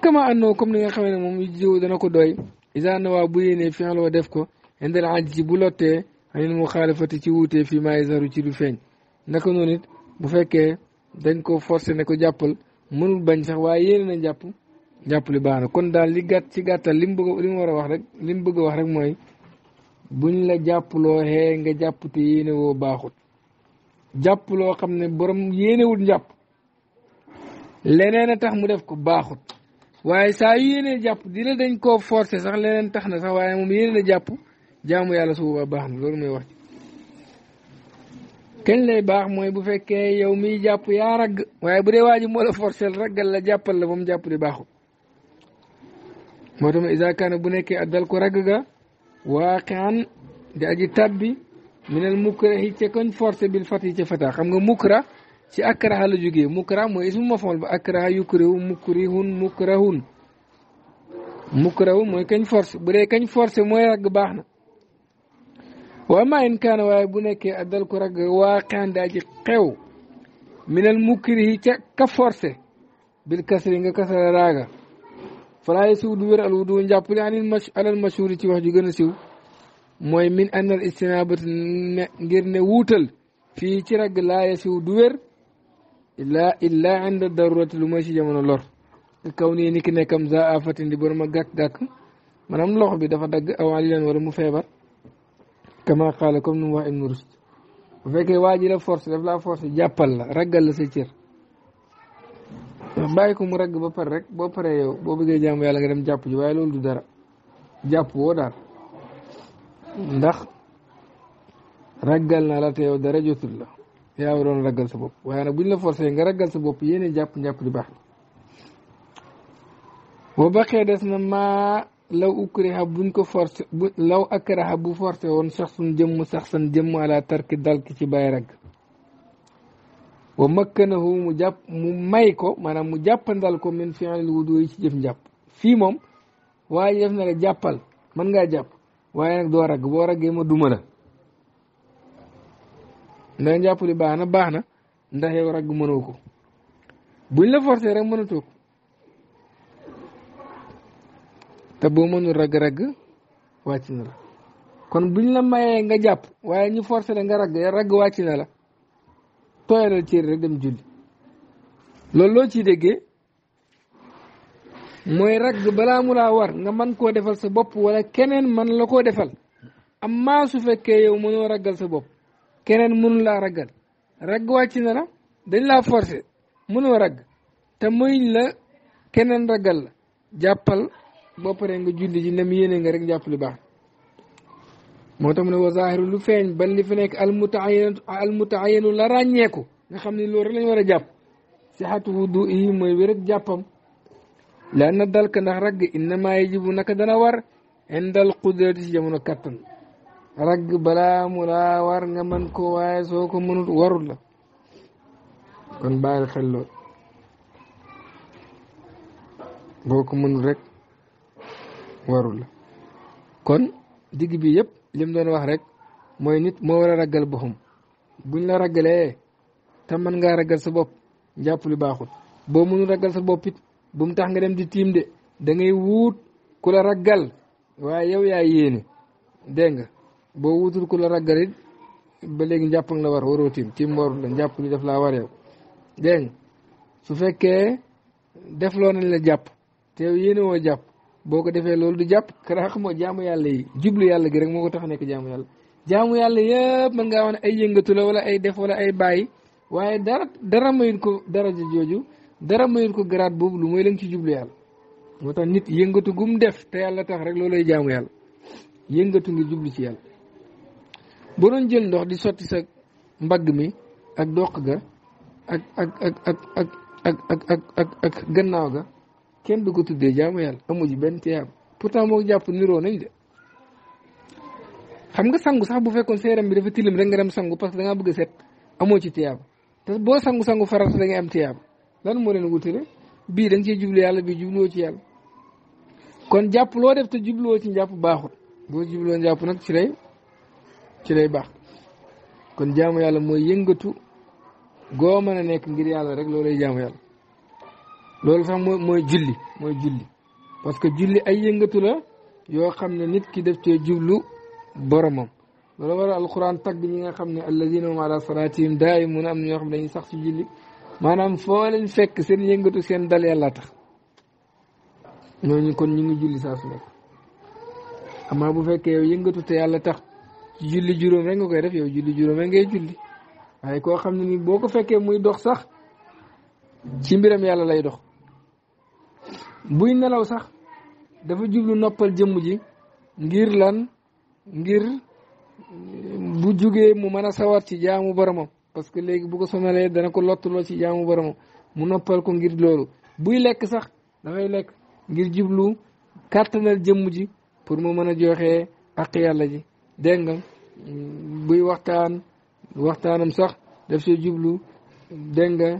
kama annoo comme ni nga xamee ne moom jiw dana ko doy isa na waa bu yéenee fienloo def ko indal ji bu lottee anil muxaalafati ci wuutee fii maa zaru ci du feeñ naka noonu it bu fekkee dañ koo forcé ne ko jàppal mënul bañ sax waaye yéene na jàpp jàpp li baax kon daal li gàtt ci gàttal li mu bëgg li mu war a wax rek li bëgg wax rek mooy buñ la jàppaloo xee nga jàpp te yéene baaxut jàpp loo xam ne borom yéenewul jàpp leneen a tax mu def ko baaxut waaye saa yu yéenee jàpp di la dañ koo forcé sax leneen tax na sax waaye moom yéene na jàpp jaamu yàlla su boobaa baax na loolu mooy wax ci kañ lay baax mooy bu fekkee yow miy jàpp yaa ragg waaye bu dee waa ji moo la forcel raggal jàppal la ba jàpp di baaxul moo tax ma kaana bu nekkee addal ko ragg ga waaqian di aji tabbi minal mukrahi ca koñ forcé bil fat yi ca fata xam nga mukra ci akraha la jógee mukra mooy ismu mafool ba akraha yukrihu mukrihun mukrahun mukrahu mooy kañ forcé bu dee kañ forcé mooy ragg baax na waaw maa in kaana waaye bu nekkee addal ku rag waa xaan daa ji xew minal mukrihi ca ka forcé bil kasri nga kasara raaga falaaye siw du wér al wudu njàppali anil ma alal mashhuri ci wax ju gën a siw mooy min annal istinaabati ngir ne wuutal fii ci rag laaye siw du wér illaa illaa inda darurati lu mooy si jamono lor nga kaw nii ni ki nekkam za afatin borom a gàkk-gàkk maanaam loxo bi dafa dagg awaali leen wala mu feebar kama qaala comme nu mu wax ibnu Rushd bu waa ji la force daf laa force jàppal la raggal la sa cër bàyyi ko mu ragg ba pare rek boo paree yow boo bëggee jàmm yàlla dem jàpp ji waaye loolu du dara jàpp woo daal ndax raggal naa la te yow dara jotul la yaa waroon raggal sa bopp waaye nag buñ la forcé nga raggal sa bopp yéene jàpp njàpp di baax boo baqee des na law ukriha buñ ko forcé bu law akraha bu forcé woon saxsun jëmm saxsan jëmm ala tarki dalki ci bàyyi rag wa makkanahu mu jàpp mu may ko maanaam mu jàppandal ko min fi'il wudu yi ci jëf njàpp fii moom waaye def na jàppal man ngaa jàpp waaye nag doo ragg boo raggee ma duma la ndax jàpp baax na baax na ndax yow ragg mënoo ko buñ la forcé rek mënatoo ko te boo mënul ragg-ragg wàcc na la kon buñ la mayee nga jàpp waaye ñu forcé la nga ragg ragg wàcc na la tooyalal céeri rek dem julli loolu loo ciy déggee mooy ragg balaa mu laa war nga mën koo defal sa bopp wala keneen man la koo defal amma su fekkee yow mënoo raggal sa bopp keneen mënu laa raggal ragg wàcc na la dañ laa forcé mënoo ragg te muy la keneen raggal la jàppal boo paree nga julli ji lam yéene nga rek njàpp li baax moo tax mu ne wa zaahiru lu feeñ ban li fi nekk almutaayan almutaayanu la ràññeeku nga xam ne loolu rek lañ war a jàpp sihatu wudu yi mooy wér ak jàppam lan na dal ka ndax ragg innama yajibu naka dana war indal qudrati si jamono kattan ragg balaa mu laa war nga mën ko waaye soo ko mënut warul la kon bàyyil xel lool boo ko mënut rek warul la kon digg bi yëpp lim doon wax rek mooy nit moo war a ragal boppam buñ la ragalee te man nga ragal sa bopp njàpp lu baaxul boo mënul ragal sa bopp it bu mu tax nga dem di tiim de da ngay ku la ragal waaye yow yaa yéene dégg nga boo wuutul ku la ragal it ba léegi njàpp nga la war waroo tiim tiim warul la njàpp li daf war yow dégg su fekkee def loo nañ la jàpp te yow jàpp boo ko defee loolu du jàpp karaax moo jaamu yàlla yi jublu yàlla gi rek moo ko tax nekk jaamu yàlla jaamu yàlla yëpp mën nga wax ne ay yëngatu la wala ay def wala ay bàyyi waaye dara dara mayut ko daraja jooju dara mayut ko garaat boobu lu mooy la ci jublu yàlla moo tax nit yëngatu gum def te yàlla tax rek loolu loolay jaamu yàlla yëngatu ngi jublu ci yàlla boo doon jël ndox di sotti sa mbagg mi ak doq ga ak ak ak ak ak ak ak ak ak gannaaw ga kenn du ko tuddee jaamu yàlla amu ji benn tiyaab pourtant moo jàpp niroo nañ de xam nga sangu sax bu fekkoon sa yaram bi dafa tilim rek nga dem sangu parce que da ngaa bëgg a set amoo ci tiyaab te boo sangu-sangu farata da ngay am tiyaab lan moo leen wutale bii da nga cee jublu yàlla bii jubluwoo ci yàlla kon jàpp loo def te jubluwoo ci njàpp baaxut boo jubluwoon jàpp nag ci lay ci lay baax kon jaamu yàlla mooy yëngatu goo man a nekk ngir yàlla rek loolay jaamu yàlla loolu sax mooy mooy julli mooy julli parce que julli ay yëngatu la yoo xam ne nit ki def cee jublu boromam loolu waral alquran tagg ñi nga xam ne alladina hum ala salatihim daayimun am na ñoo xam ne sax ci julli maanaam foo leen fekk seen yëngatu seen dal yàlla tax ñooñu kon ñu ngi julli saa su nekk amaa bu fekkee yow yëngatu te yàlla tax ci julli juróom rek nga koy def yow julli juróom rek ngay julli waaye koo xam ne ni boo ko fekkee muy dox sax ci mbiram yàlla lay dox buy nelaw sax dafa jublu noppal jëmm ji ngir lan ngir bu jógee mu mën a sawar ci jaamu boromam parce que léegi bu ko sonalee dana ko lottuloo ci jaamu boromam mu noppal ko ngir loolu buy lekk sax dafay lekk ngir jublu kàttanal jëmm ji pour mu mën a joxe ak yàlla ji dégg nga buy waxtaan waxtaanam sax daf see jublu dégg nga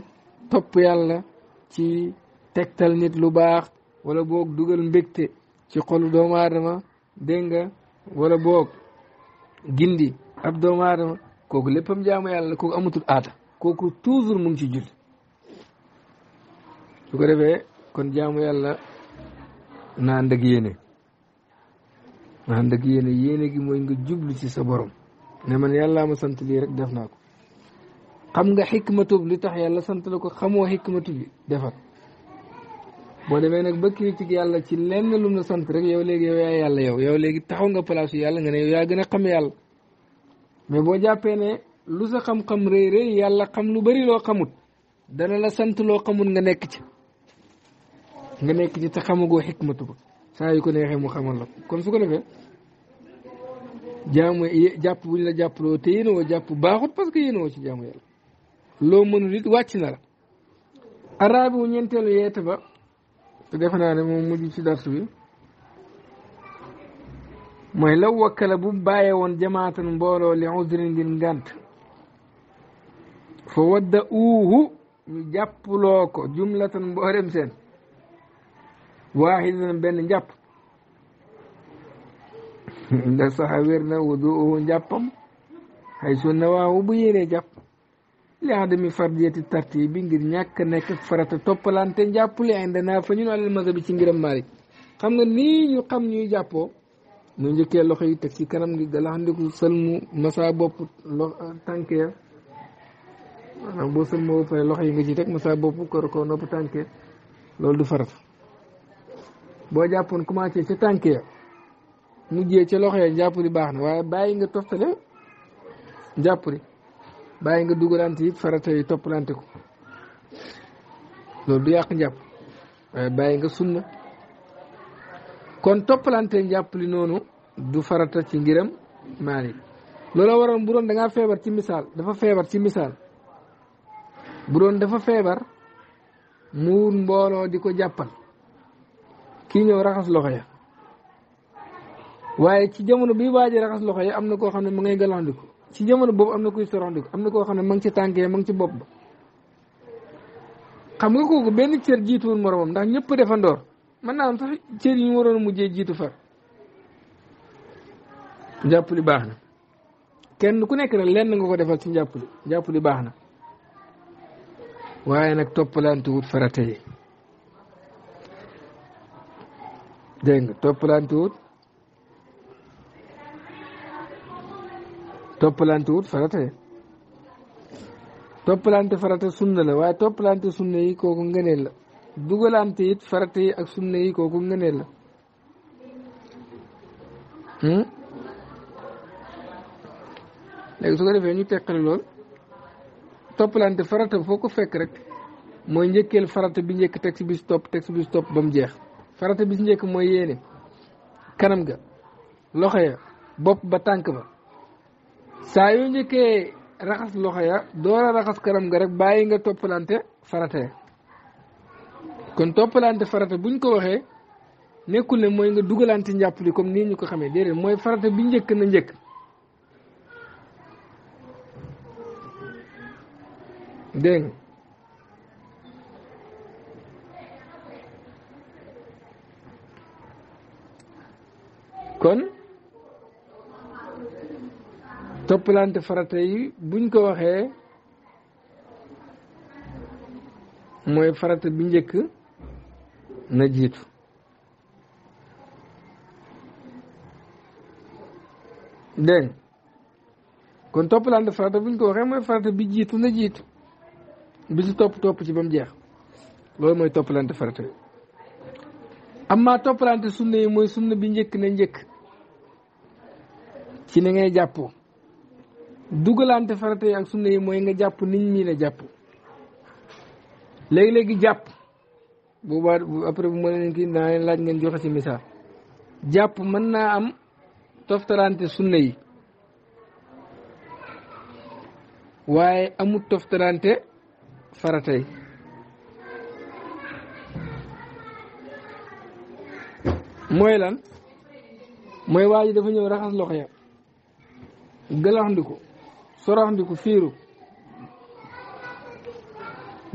topp yàlla ci tegtal nit lu baax wala boog dugal mbégte ci xolu doomu aadama dégg nga wala boog gindi ab doom aadama kooku léppam jaamu yàlla la kooku amatul aata kooku toujours mu ngi ci julli su ko defee kon jaamu yàlla na ànd ak yéene na gi mooy nga jublu ci sa borom ne man yàllaa ma sant lii rek def naa ko xam nga xikmatu li tax yàlla sant la ko xamoo xikmatu bi defal boo demee nag ba critique yàlla ci lenn lu mu la sant rek yow léegi yow yaa yàlla yow yow léegi taxaw nga place yàlla nga ne yow yaa gën a xam yàlla mais boo jàppee ne lu sa xam-xam rëy rëy yàlla xam lu bari loo xamut dana la sant loo xamut nga nekk ci nga nekk ci te xamagoo xikmatu ba saa yu ko neexee mu xamal la kon su ko defee jaamu jàpp bu la jàppaloo te yéenoo jàpp baaxut parce que yéenoo ci jaamu yàlla loo mënul it wàcc na la araabi wu ñeenteelu yeete ba te defe naa ne moom mujj darsu bi mooy law wakkala bu bàyyee woon jamaatan mbooloo li usrin ngir ngànt fa wadda uuhu ñu jàppuloo ko jumlatan mboolem seen waaxidan benn njàpp ndax saxa wér na wudu uhu njàppam xay sunna waawu bu yéree jàpp li adami fardiyati tartibi ngir ñàkk nekk farata toppalante njàppale ay ndanaa fa ñun alal mazhab bi ci ngiram Maalik xam nga nii ñu xam ñuy jàppoo mu njëkkee loxo yi teg ci kanam gi galaxandiku sëlmu masa bopp lo tànkee maanaam loxo yi nga ci teg masa bopp kor ko nopp tànkee loolu du farata boo jàppoon commencé ca tànkee mujjee ca loxo yi njàpp di baax na waaye bàyyi nga toftale njàpp di bàyyi nga dugalante it farata yi toppalante ko loolu du yàq njàpp waaye bàyyi nga sunna kon toppalante njàpp li noonu du farata ci ngiram Maalik loolu waroon bu doon da ngaa feebar ci misaal dafa feebar ci misaal bu doon dafa feebar muur mbooloo di ko jàppal kii ñëw raxas loxo ya waaye ci jamono bi waaji raxas loxo ya am na koo xam ne ngay galandiko ci jamono boobu am na kuy sorondiku am na koo xam ne ma ngi ci tànkee ma ngi ci bopp ba xam nga kooku benn cër jiituwul moromam ndax ñëpp defandoor mën naa am sax cër yi ñu waroon mujjee jiitu far njàpp li baax na kenn ku nekk nag lenn nga ko defal ci njàpp li njàpp li baax na waaye nag toppalante wut farata yi dégg nga toppalante wut toppalante wut farata toppalante farata sunna la waaye toppalante sunna yi kooku ngëneel la dugalante it farata yi ak sunna yi kooku ngëneel la hmm? léegi su ko defee ñu teqale lool toppalante farata foo ko fekk rek mooy njëkkeel farata bi njëkk teg si bis topp teg si bis topp ba mu jeex farata bis njëkk mooy yéene kanam ga loxo ya bopp ba tànk ba saa yu njëkkee raxas loxo ya door a raxas karam nga rek bàyyi nga toppalante farata kon toppalante farata buñ ko waxee nekkul ne mooy nga dugalante njàpp li comme nii ñu ko xamee déedéet mooy farata bi njëkk na njëkk dégg kon toppalante farata yi buñ ko waxee mooy farata bi njëkk na jiitu kon toppalante farata buñ ko waxee mooy farata bi jiitu na jiit bi ci topp topp ci ba mu jeex loolu mooy toppalante farata yi amma toppalante sunna yi mooy sunna bi njëkk na njëkk ci ni ngay jàppoo dugalante farata yi ak sunna yi mooy nga jàpp nit mii la jàpp léegi-léegi jàpp boobaa après bu ma leen kii naa laaj ngeen joxe ci misaal jàpp man naa am toftalante sunna yi waaye amul toftalante farata yi mooy lan mooy waa ji dafa ñëw raxas loxo ya gëlaxndiku soraxndiku fiiru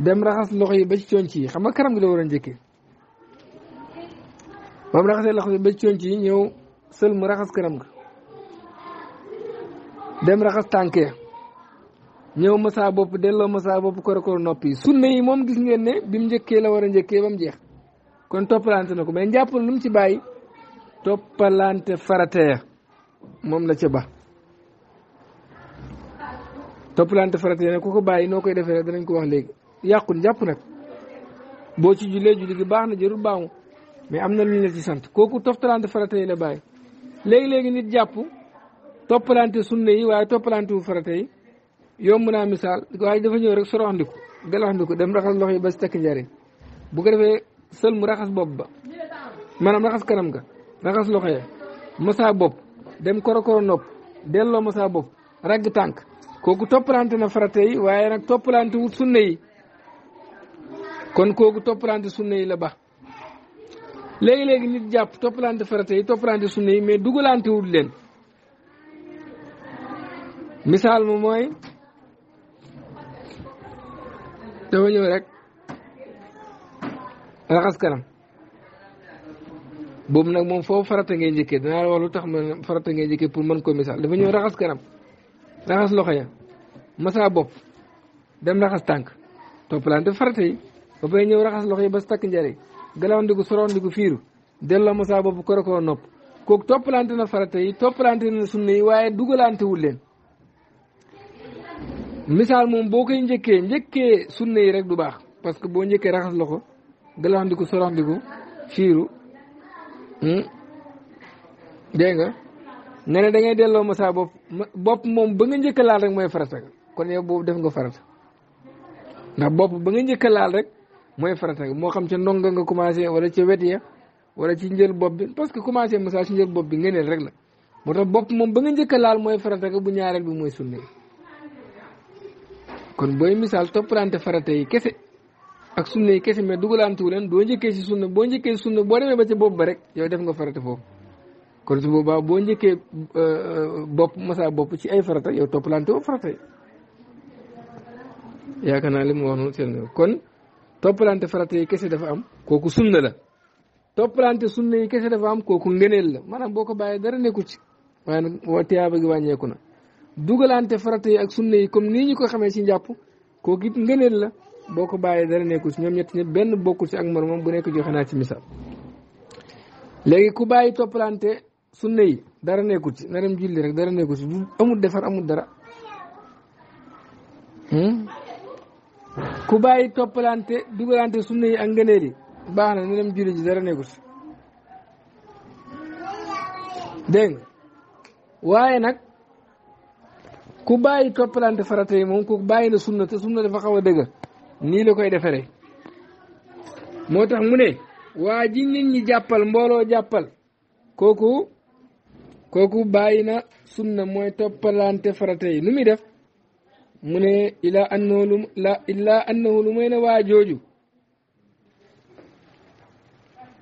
dem raxas loxo yi ba ci conc yi xam nga kanam gi la war a njëkkee moom mu raxasee loxo yi ba ci conc yi ñëw sël mu raxas karam ga dem raxas tànkee ñëw masaa bopp delloo masaa bopp korokoro noppi sunna yi moom gis ngeen ne bi mu njëkkee la war a njëkkee ba mu jeex kon toppalante na ko mais njàppal lu mu ci bàyyi toppalante farata ya moom la ca ba toppalante farata yi nag ko ko bàyyi noo koy defee rek danañ ko wax léegi yàqul jàpp nag boo ci jullee julli gi baax na jërul baamu mais am na lu ñu ci sant kooku toppalante farata yi la bàyyi léegi-léegi nit jàpp toppalante sunna yi waaye toppalante wu farata yi yomb naa misaal waaye dafa ñëw rek soroxandiku galaxandiku dem raxas loxo yi ba si takk njariñ bu ko defee sël mu raxas bopp ba maanaam raxas kanam ga raxas loxo ya masaa bopp dem korokoro nopp delloo masaa bopp ragg tànk kooku toppalante na farata waaye nag toppalante wut sunna kon kooku toppalante sunna yi la ba léegi-léegi nit jàpp toppalante farata yi toppalante sunna yi mais dugalante wut leen misaal moom mooy dafa ñëw rek raxas kanam boobu nag moom foofu farata ngay njëkkee danaa wax lu tax ma farata ngay njëkkee pour mën ko misaal dafa ñëw raxas kanam raxas loxo ya masa bopp dem raxas tànk toppalante farata yi ba ñëw raxas loxo yi ba si takk njëriñ galawandiku sorondiku fiiru delloo masa bopp korokoo nopp kook toppalante na farata yi toppalante na sunna yi waaye dugalante wul leen misaal moom boo koy njëkkee njëkkee sunna yi rek du baax parce que boo njëkkee raxas loxo galawandiku sorondiku fiiru hmm, dégg nga ne ne da ngay delloo ma saa bopp bopp moom ba nga njëkk laal rek mooy farata kon yow boobu def nga farata ndax bopp ba nga njëkk laal rek mooy farata moo xam ca ndonga nga commencé wala ca wet ya wala ci njël bopp bi parce que commencé ma saa ci njël bopp bi nga neel rek la moo tax bopp moom ba nga njëkk a laal mooy farata bu ñaareel bi mooy sunna kon booy misaal toppalante farata yi kese ak sunna yi kese mais dugalaantuwu leen doo njëkkee si sunna boo njëkkee si boo demee ba ca bopp ba rek yow def nga farata foofu kon su boobaa boo njëkkee euh, euh, bopp masaa bopp ci ay farata yow toppalante woo farata yi yaakaar naa wax noonu seen kon toppalante farata yi kese dafa am kooku sunna la toppalante sunna yi kese dafa am kooku ngëneel la maanaam boo ko bàyyee dara nekku ci waaye nag wa tiyaaba gi wàññeeku na dugalante farata yi ak sunna yi comme nii ñu ko xamee ci njàpp kooku it ngëneel la boo ko bàyyee dara nekkul ci ñoom ñetti ñëpp benn bokkul ci ak moromam bu nekk joxe xanaa ci misaal léegi ku bàyyi toppalante sunna yi dara nekkul ci na dem rek dara nekkul ci amul defar amul dara hmm? ku bàyyi toppalante dugalante sunna yi ak ngëneel yi baax na na dem julli ji dara nekkul ci dégg nga waaye nag ku bàyyi toppalante farata yi moom ku bàyyi na sunna te sunna dafa xaw a dëgg nii la koy defaree moo tax mu ne waa ji nit ñi jàppal mbooloo jàppal kooku koku bayina sunna moy toppalante faratay numi def mune ila annahu lum la illa annahu lumayna wajoju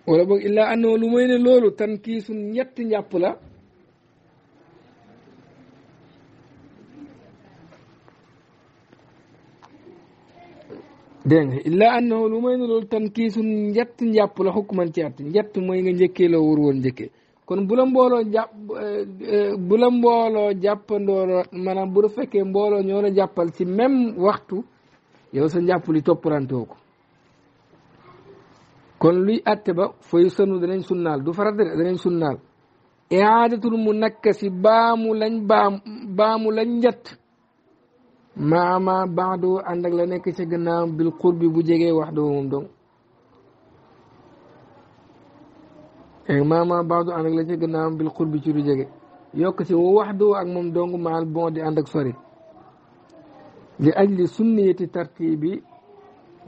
wala bok illa annahu lumayna lolu tan ki sun ñett ñap la deng illa annahu lumayna lolu tan ki sun ñett ñap la hukuman ci att ñett moy nga ñeké la wor won ñeké kon bu la mbooloo jàpp eh, bu la mbooloo jàppandooloo maanaam bu la fekkee mbooloo ñoo la jàppal si même waxtu yow sa njàpp li toppalantoo ko kon luy atte ba fayu sanu danañ sunnaal du farata de danañ sunnaal iaadatul mu nakka si baamu lañ baam baamu lañ njett la nekk ca gannaaw bil qurbi bu jegee wax doo moom maama baadu ànd ak la ca gannaawam bil xurbi ci lu jege yokk si wax doo ak moom dong maal bon di ànd ak sori li ajli sunniyati tartiib bi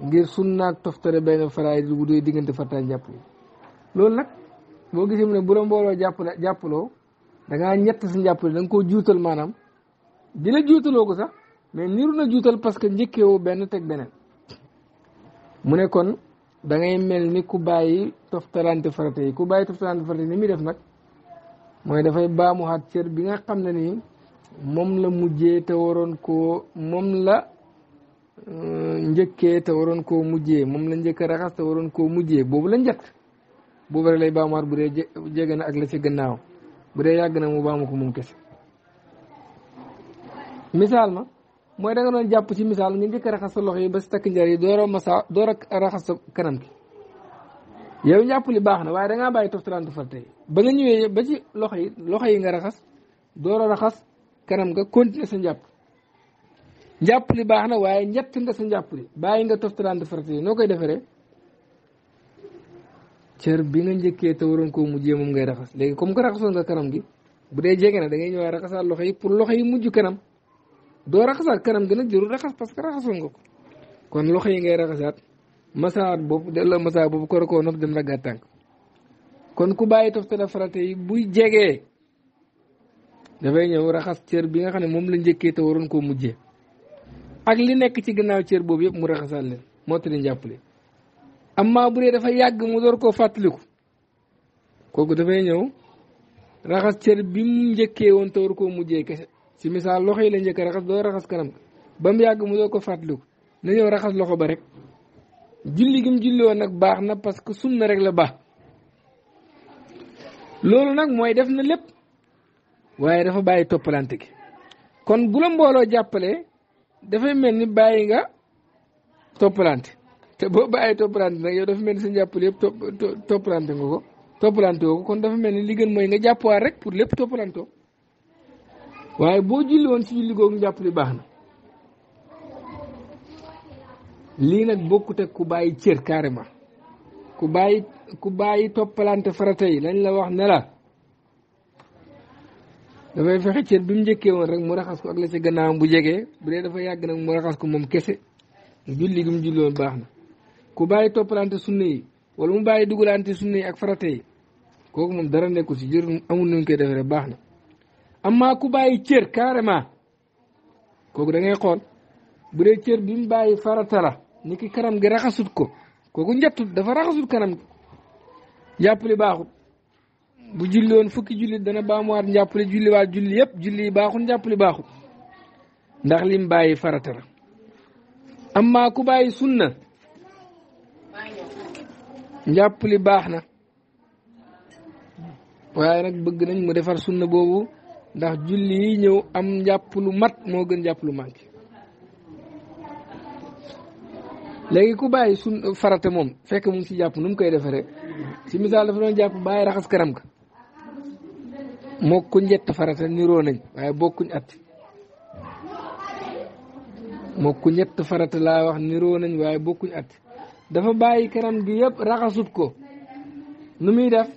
ngir sunnaak toftale benn faraay bu doy diggante fartaay jàpp yi loolu nag boo gisee mu ne bu la mbooloo jàpp jàppaloo da ñett si njàppale da nga koo juutal maanaam dina la juutaloo ko sax mais niru na juutal parce que njëkkewoo benn teg beneen da ngay mel ni ku bàyyi toftalante farata yi ku bàyyi toftalante farata yi ni muy def nag mooy dafay baamuwaat cër bi nga xam ne nii moom la mujjee te waroon koo moom la euh, njëkkee te waroon ko mujjee moom la njëkk a raxas te waroon koo mujjee boobu la njëkk boobu rek lay baamuwaat bu dee jege na ak la ci gannaaw bu dee yàgg na mu baamu ko moom kese misaal ma. mooy da nga jàpp ci misaal nga njëkk a raxas sa loxo yi ba si takk njar yi dooroo masa door raxas sa kanam gi yow njàpp li baax na waaye da ngaa bàyyi toftalante faratee ba nga ñëwee ba ci loxo yi loxo yi nga raxas door a kanam nga continuer sa njàpp njàpp li baax na waaye ñett nga sa njàpp li bàyyi nga toftalante faratee noo koy defaree cër bi nga njëkkee te waroon koo mujjee moom ngay raxas léegi comme que raxasoon nga kanam gi bu dee jege na da ngay ñëwaat raxasaat loxo yi pour loxo yi mujj kanam. doo raxasaat kanam gën a jëru raxas parce que raxasoon nga ko kon loxo yi ngay raxasaat masaat boobu delloo masaat boobu korokoo nopp dem raggaat tànk kon ku bàyyi toftale farate yi buy jegee dafay ñëw raxas cër bi nga xam ne moom la njëkkee te waroon koo mujjee ak li nekk ci gannaaw cër boobu yëpp mu raxasaat leen moo tax di njàppale amma bu dee dafa yàgg mu door koo fàttaliku kooku dafay ñëw raxas cër bi mu njëkkee woon te war koo mujjee si misaal loxo yi la njëkk raxas doo raxas kanam ba mu yàgg mu doo ko fàttaliku na ñëw raxas loxo ba rek julli gi mu julli woon nag baax na parce que sunna rek la baax loolu nag mooy def na lépp waaye dafa bàyyi toppalante gi kon bu la mbooloo jàppalee dafay mel ni bàyyi nga toppalante te boo bàyyi toppalante nag yow dafa mel ni sa njàppale yëpp toppalante nga ko toppalante ko kon dafa mel ni li gën mooy nga jàppuwaat rek pour lépp toppalantoo waaye boo julli woon si julli googu njàpp baax na lii nag bokkut ku bàyyi cër carrément ku bàyyi ku bàyyi toppalante farata yi lañ la wax ne la fexe cër bi mu njëkkee rek mu raxas ko ak la ca gannaawam bu jegee bu dee dafa yàgg nag mu raxas ko moom kese julli gi mu julli woon baax na ku bàyyi toppalante sunna yi wala mu bàyyi dugalante sunna yi ak farata yi kooku moom dara nekkul si jër amul nuñ koy defee baax na amma ku bàyyi cër carrément kooku da ngay xool bu dee cër bi mu bàyyi farata la ni ki kanam gi raxasut ko kooku njattut dafa raxasut kanam gi jàppale baaxut bu julli woon fukki julli dana baamuwaat njàppale julli waat julli yëpp julli yi baaxut njàppale baaxut ndax lim bàyyi farata la amma ku bàyyi sunna njàppali baax na waaye rek bëgg nañ mu defar sunna boobu ndax julli yi ñëw am njàpp lu mat moo gën njàpp lu manqué léegi ku bàyyi sun farata moom fekk mu ngi ci jàpp nu mu koy defaree ci misaal dafa doon jàpp bàyyi raxas karam ka moo ku njett farata niroo nañ waaye bokkuñ at moo ku njett farata laa wax niroo nañ waaye bokkuñ at dafa bàyyi karam gi yëpp raxasut ko nu muy def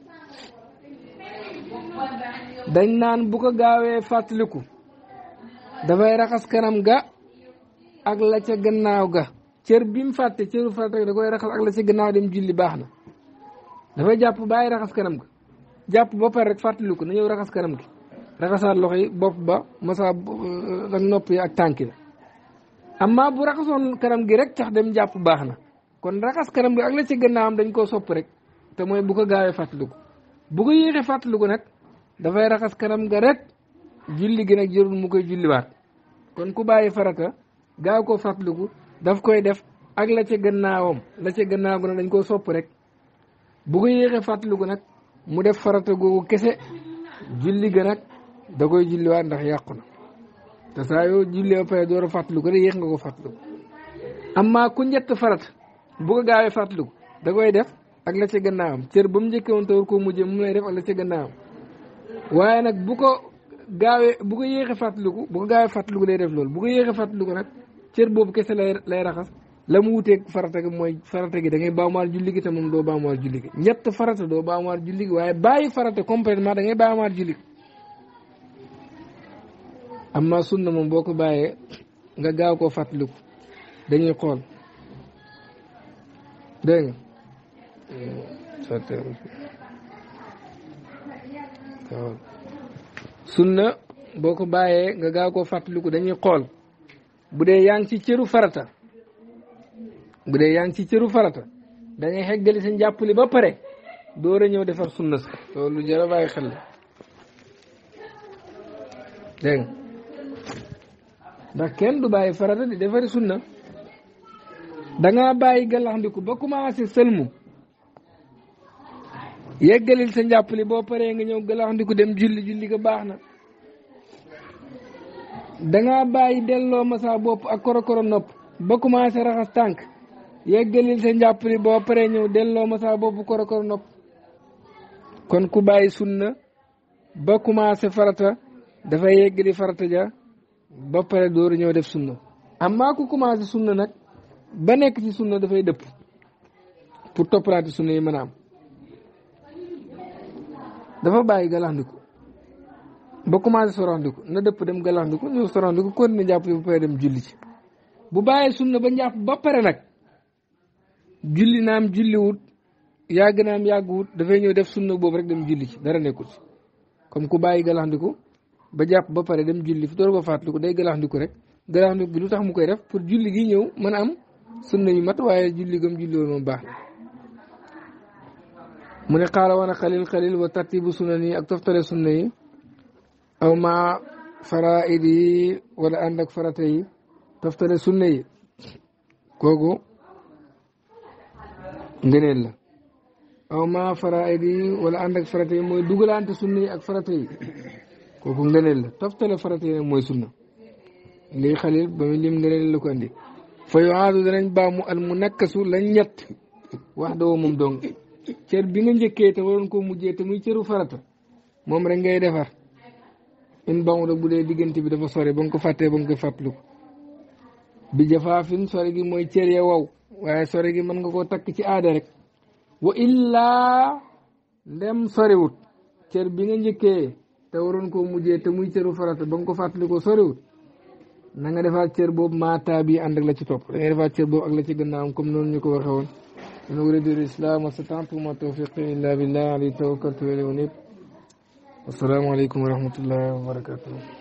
dañ naan bu ko gaawee fàttaliku dafay raxas kanam ga ak la ca gannaaw ga cer bi mu fàtte cëru da koy raxas ak la ca gannaaw dem julli baax na dafay jàpp bàyyi raxas kanam ga jàpp ba pare rek fàttaliku na ñëw raxas kanam gi loxo yi bopp ba masa euh, ak nopp yi ak tànk la amma bu raxasoon kanam gi rek tax dem jàpp baax na kon raxas kanam gi ak la ca am dañ koo sopp rek te mooy bu ko gaawee fàttaliku bu ko yéexee fàttaliku nag dafay raxas kanam nga rek julli gi nag jërul mu koy julliwaat kon ku bàyyi farata gaaw koo fàttaliku daf koy def ak la gannaawam la ca gannaaw nag dañ koo sopp rek bu ko yéexee fàttaliku nag mu def farata googu kese julli nag da koy julliwaat ndax yàqu na te saa yoo julli ba pare door a yéex nga ko fàttaliku amma ku njëtt farata bu gaawee fàttaliku da koy def ak la ca gannaawam cër ba mu njëkkee woon te war koo mujjee mu lay def ak la ca gannaawam waaye nag bu ko gaawee bu ko yéexee fàttaliku bu ko gaawee fàttaliku day def loolu bu ko yéexee fàttaliku nag cër boobu kese lay lay raxas la mu wuteeg farata gi mooy farata gi da ngay baamuwaat julli gi te moom doo baamuwaat julli ñett farata doo baamuwaat julli gi waaye bàyyi farata complètement da ngay baamuwaat julli gi amma sunna moom boo ko bàyyee nga gaaw koo fàttaliku dañuy xool dégg nga mm, waaw sunna boo ko bàyyee nga gaa koo fàttaliku dañuy xool bu dee yaa ngi ci cëru farata bu dee yaa ngi ci cëru farata dangay xeggali sa njàppali ba pare door a ñëw defar sunna sa loolu jara bàyyi xel la dégg nga kenn du bàyyi farata di defari sunna danga bàyyi gàllaxndiku ba commencé sëlmu yeggalil sa njàppali boo paree nga ñëw gëlax ndiku dem julli julli ko baax na danga bàyyi delloo masaa bopp ak korokoro nopp ba commencé raxas tànk yeggalil sa njàpp njàppali boo paree ñëw delloo masa bopp korokoro nopp kon ku bàyyi sunna ba commencé farata dafay yeggali farata ja ba pare dooru ñëw def sunna amaa ku commencé sunna nag ba nekk ci sunna dafay dëpp pour toppalaati sunna yi mën am dafa bàyyi galaxndiku ba commencé sorandiku na dëpp dem galaxndiku ñëw sorandiku kon ne jàpp ba pare dem julli ci bu bàyyee sunna ba njàpp ba pare nag julli naam julliwut yàgg naam yàgg yàgguwut dafay ñëw def sunna boobu rek dem julli ci dara nekkul ci comme ku bàyyi galaxndiku ba jàpp ba pare dem julli fi door ko day galaxndiku rek galaxndiku gi lu tax mu koy def pour julli gi ñëw mën a am sunna yu mat waaye julli gam julli woon moom baax mu ne xaala wana xalil xalil wa tartibu sunan yi ak toftale sunna yi aw ma faraid yi wala ànd ak farata yi toftale sunna yi kooku ngëneel la aw ma faraid yi wala ànd ak farata yi mooy dugalante sunna yi ak farata yi kooku ngëneel la toftale farata yi nag mooy sunna lii xalil ba muy lim ngëneel la ko andi fa yuaadu danañ baamu al munakkasu lañ ñett wax dawoo moom dong cër bi nga njëkkee te waroon koo mujjee te muy cëru farata moom rek ngay defar in ba bu dee diggante bi dafa sore ba nga ko fàttee ba nga ko fàttaliku bi jafaafin sore gi mooy cër ya waw waaye sore gi mën nga koo takk ci aada rek wa illaa ndem sorewut cër bi nga njëkkee te waroon ko mujjee te muy cëru farata ba nga ko ko sorewut na nga defaat cër boobu maataa bi ànd ak la ci topp da nga defaat cër boobu ak la ci gannaawam comme noonu ñu ko waxee woon إن الإسلام واستطعت وما توفيقي إلا بالله عليه توكلت وإليه أنيب والسلام عليكم ورحمة الله وبركاته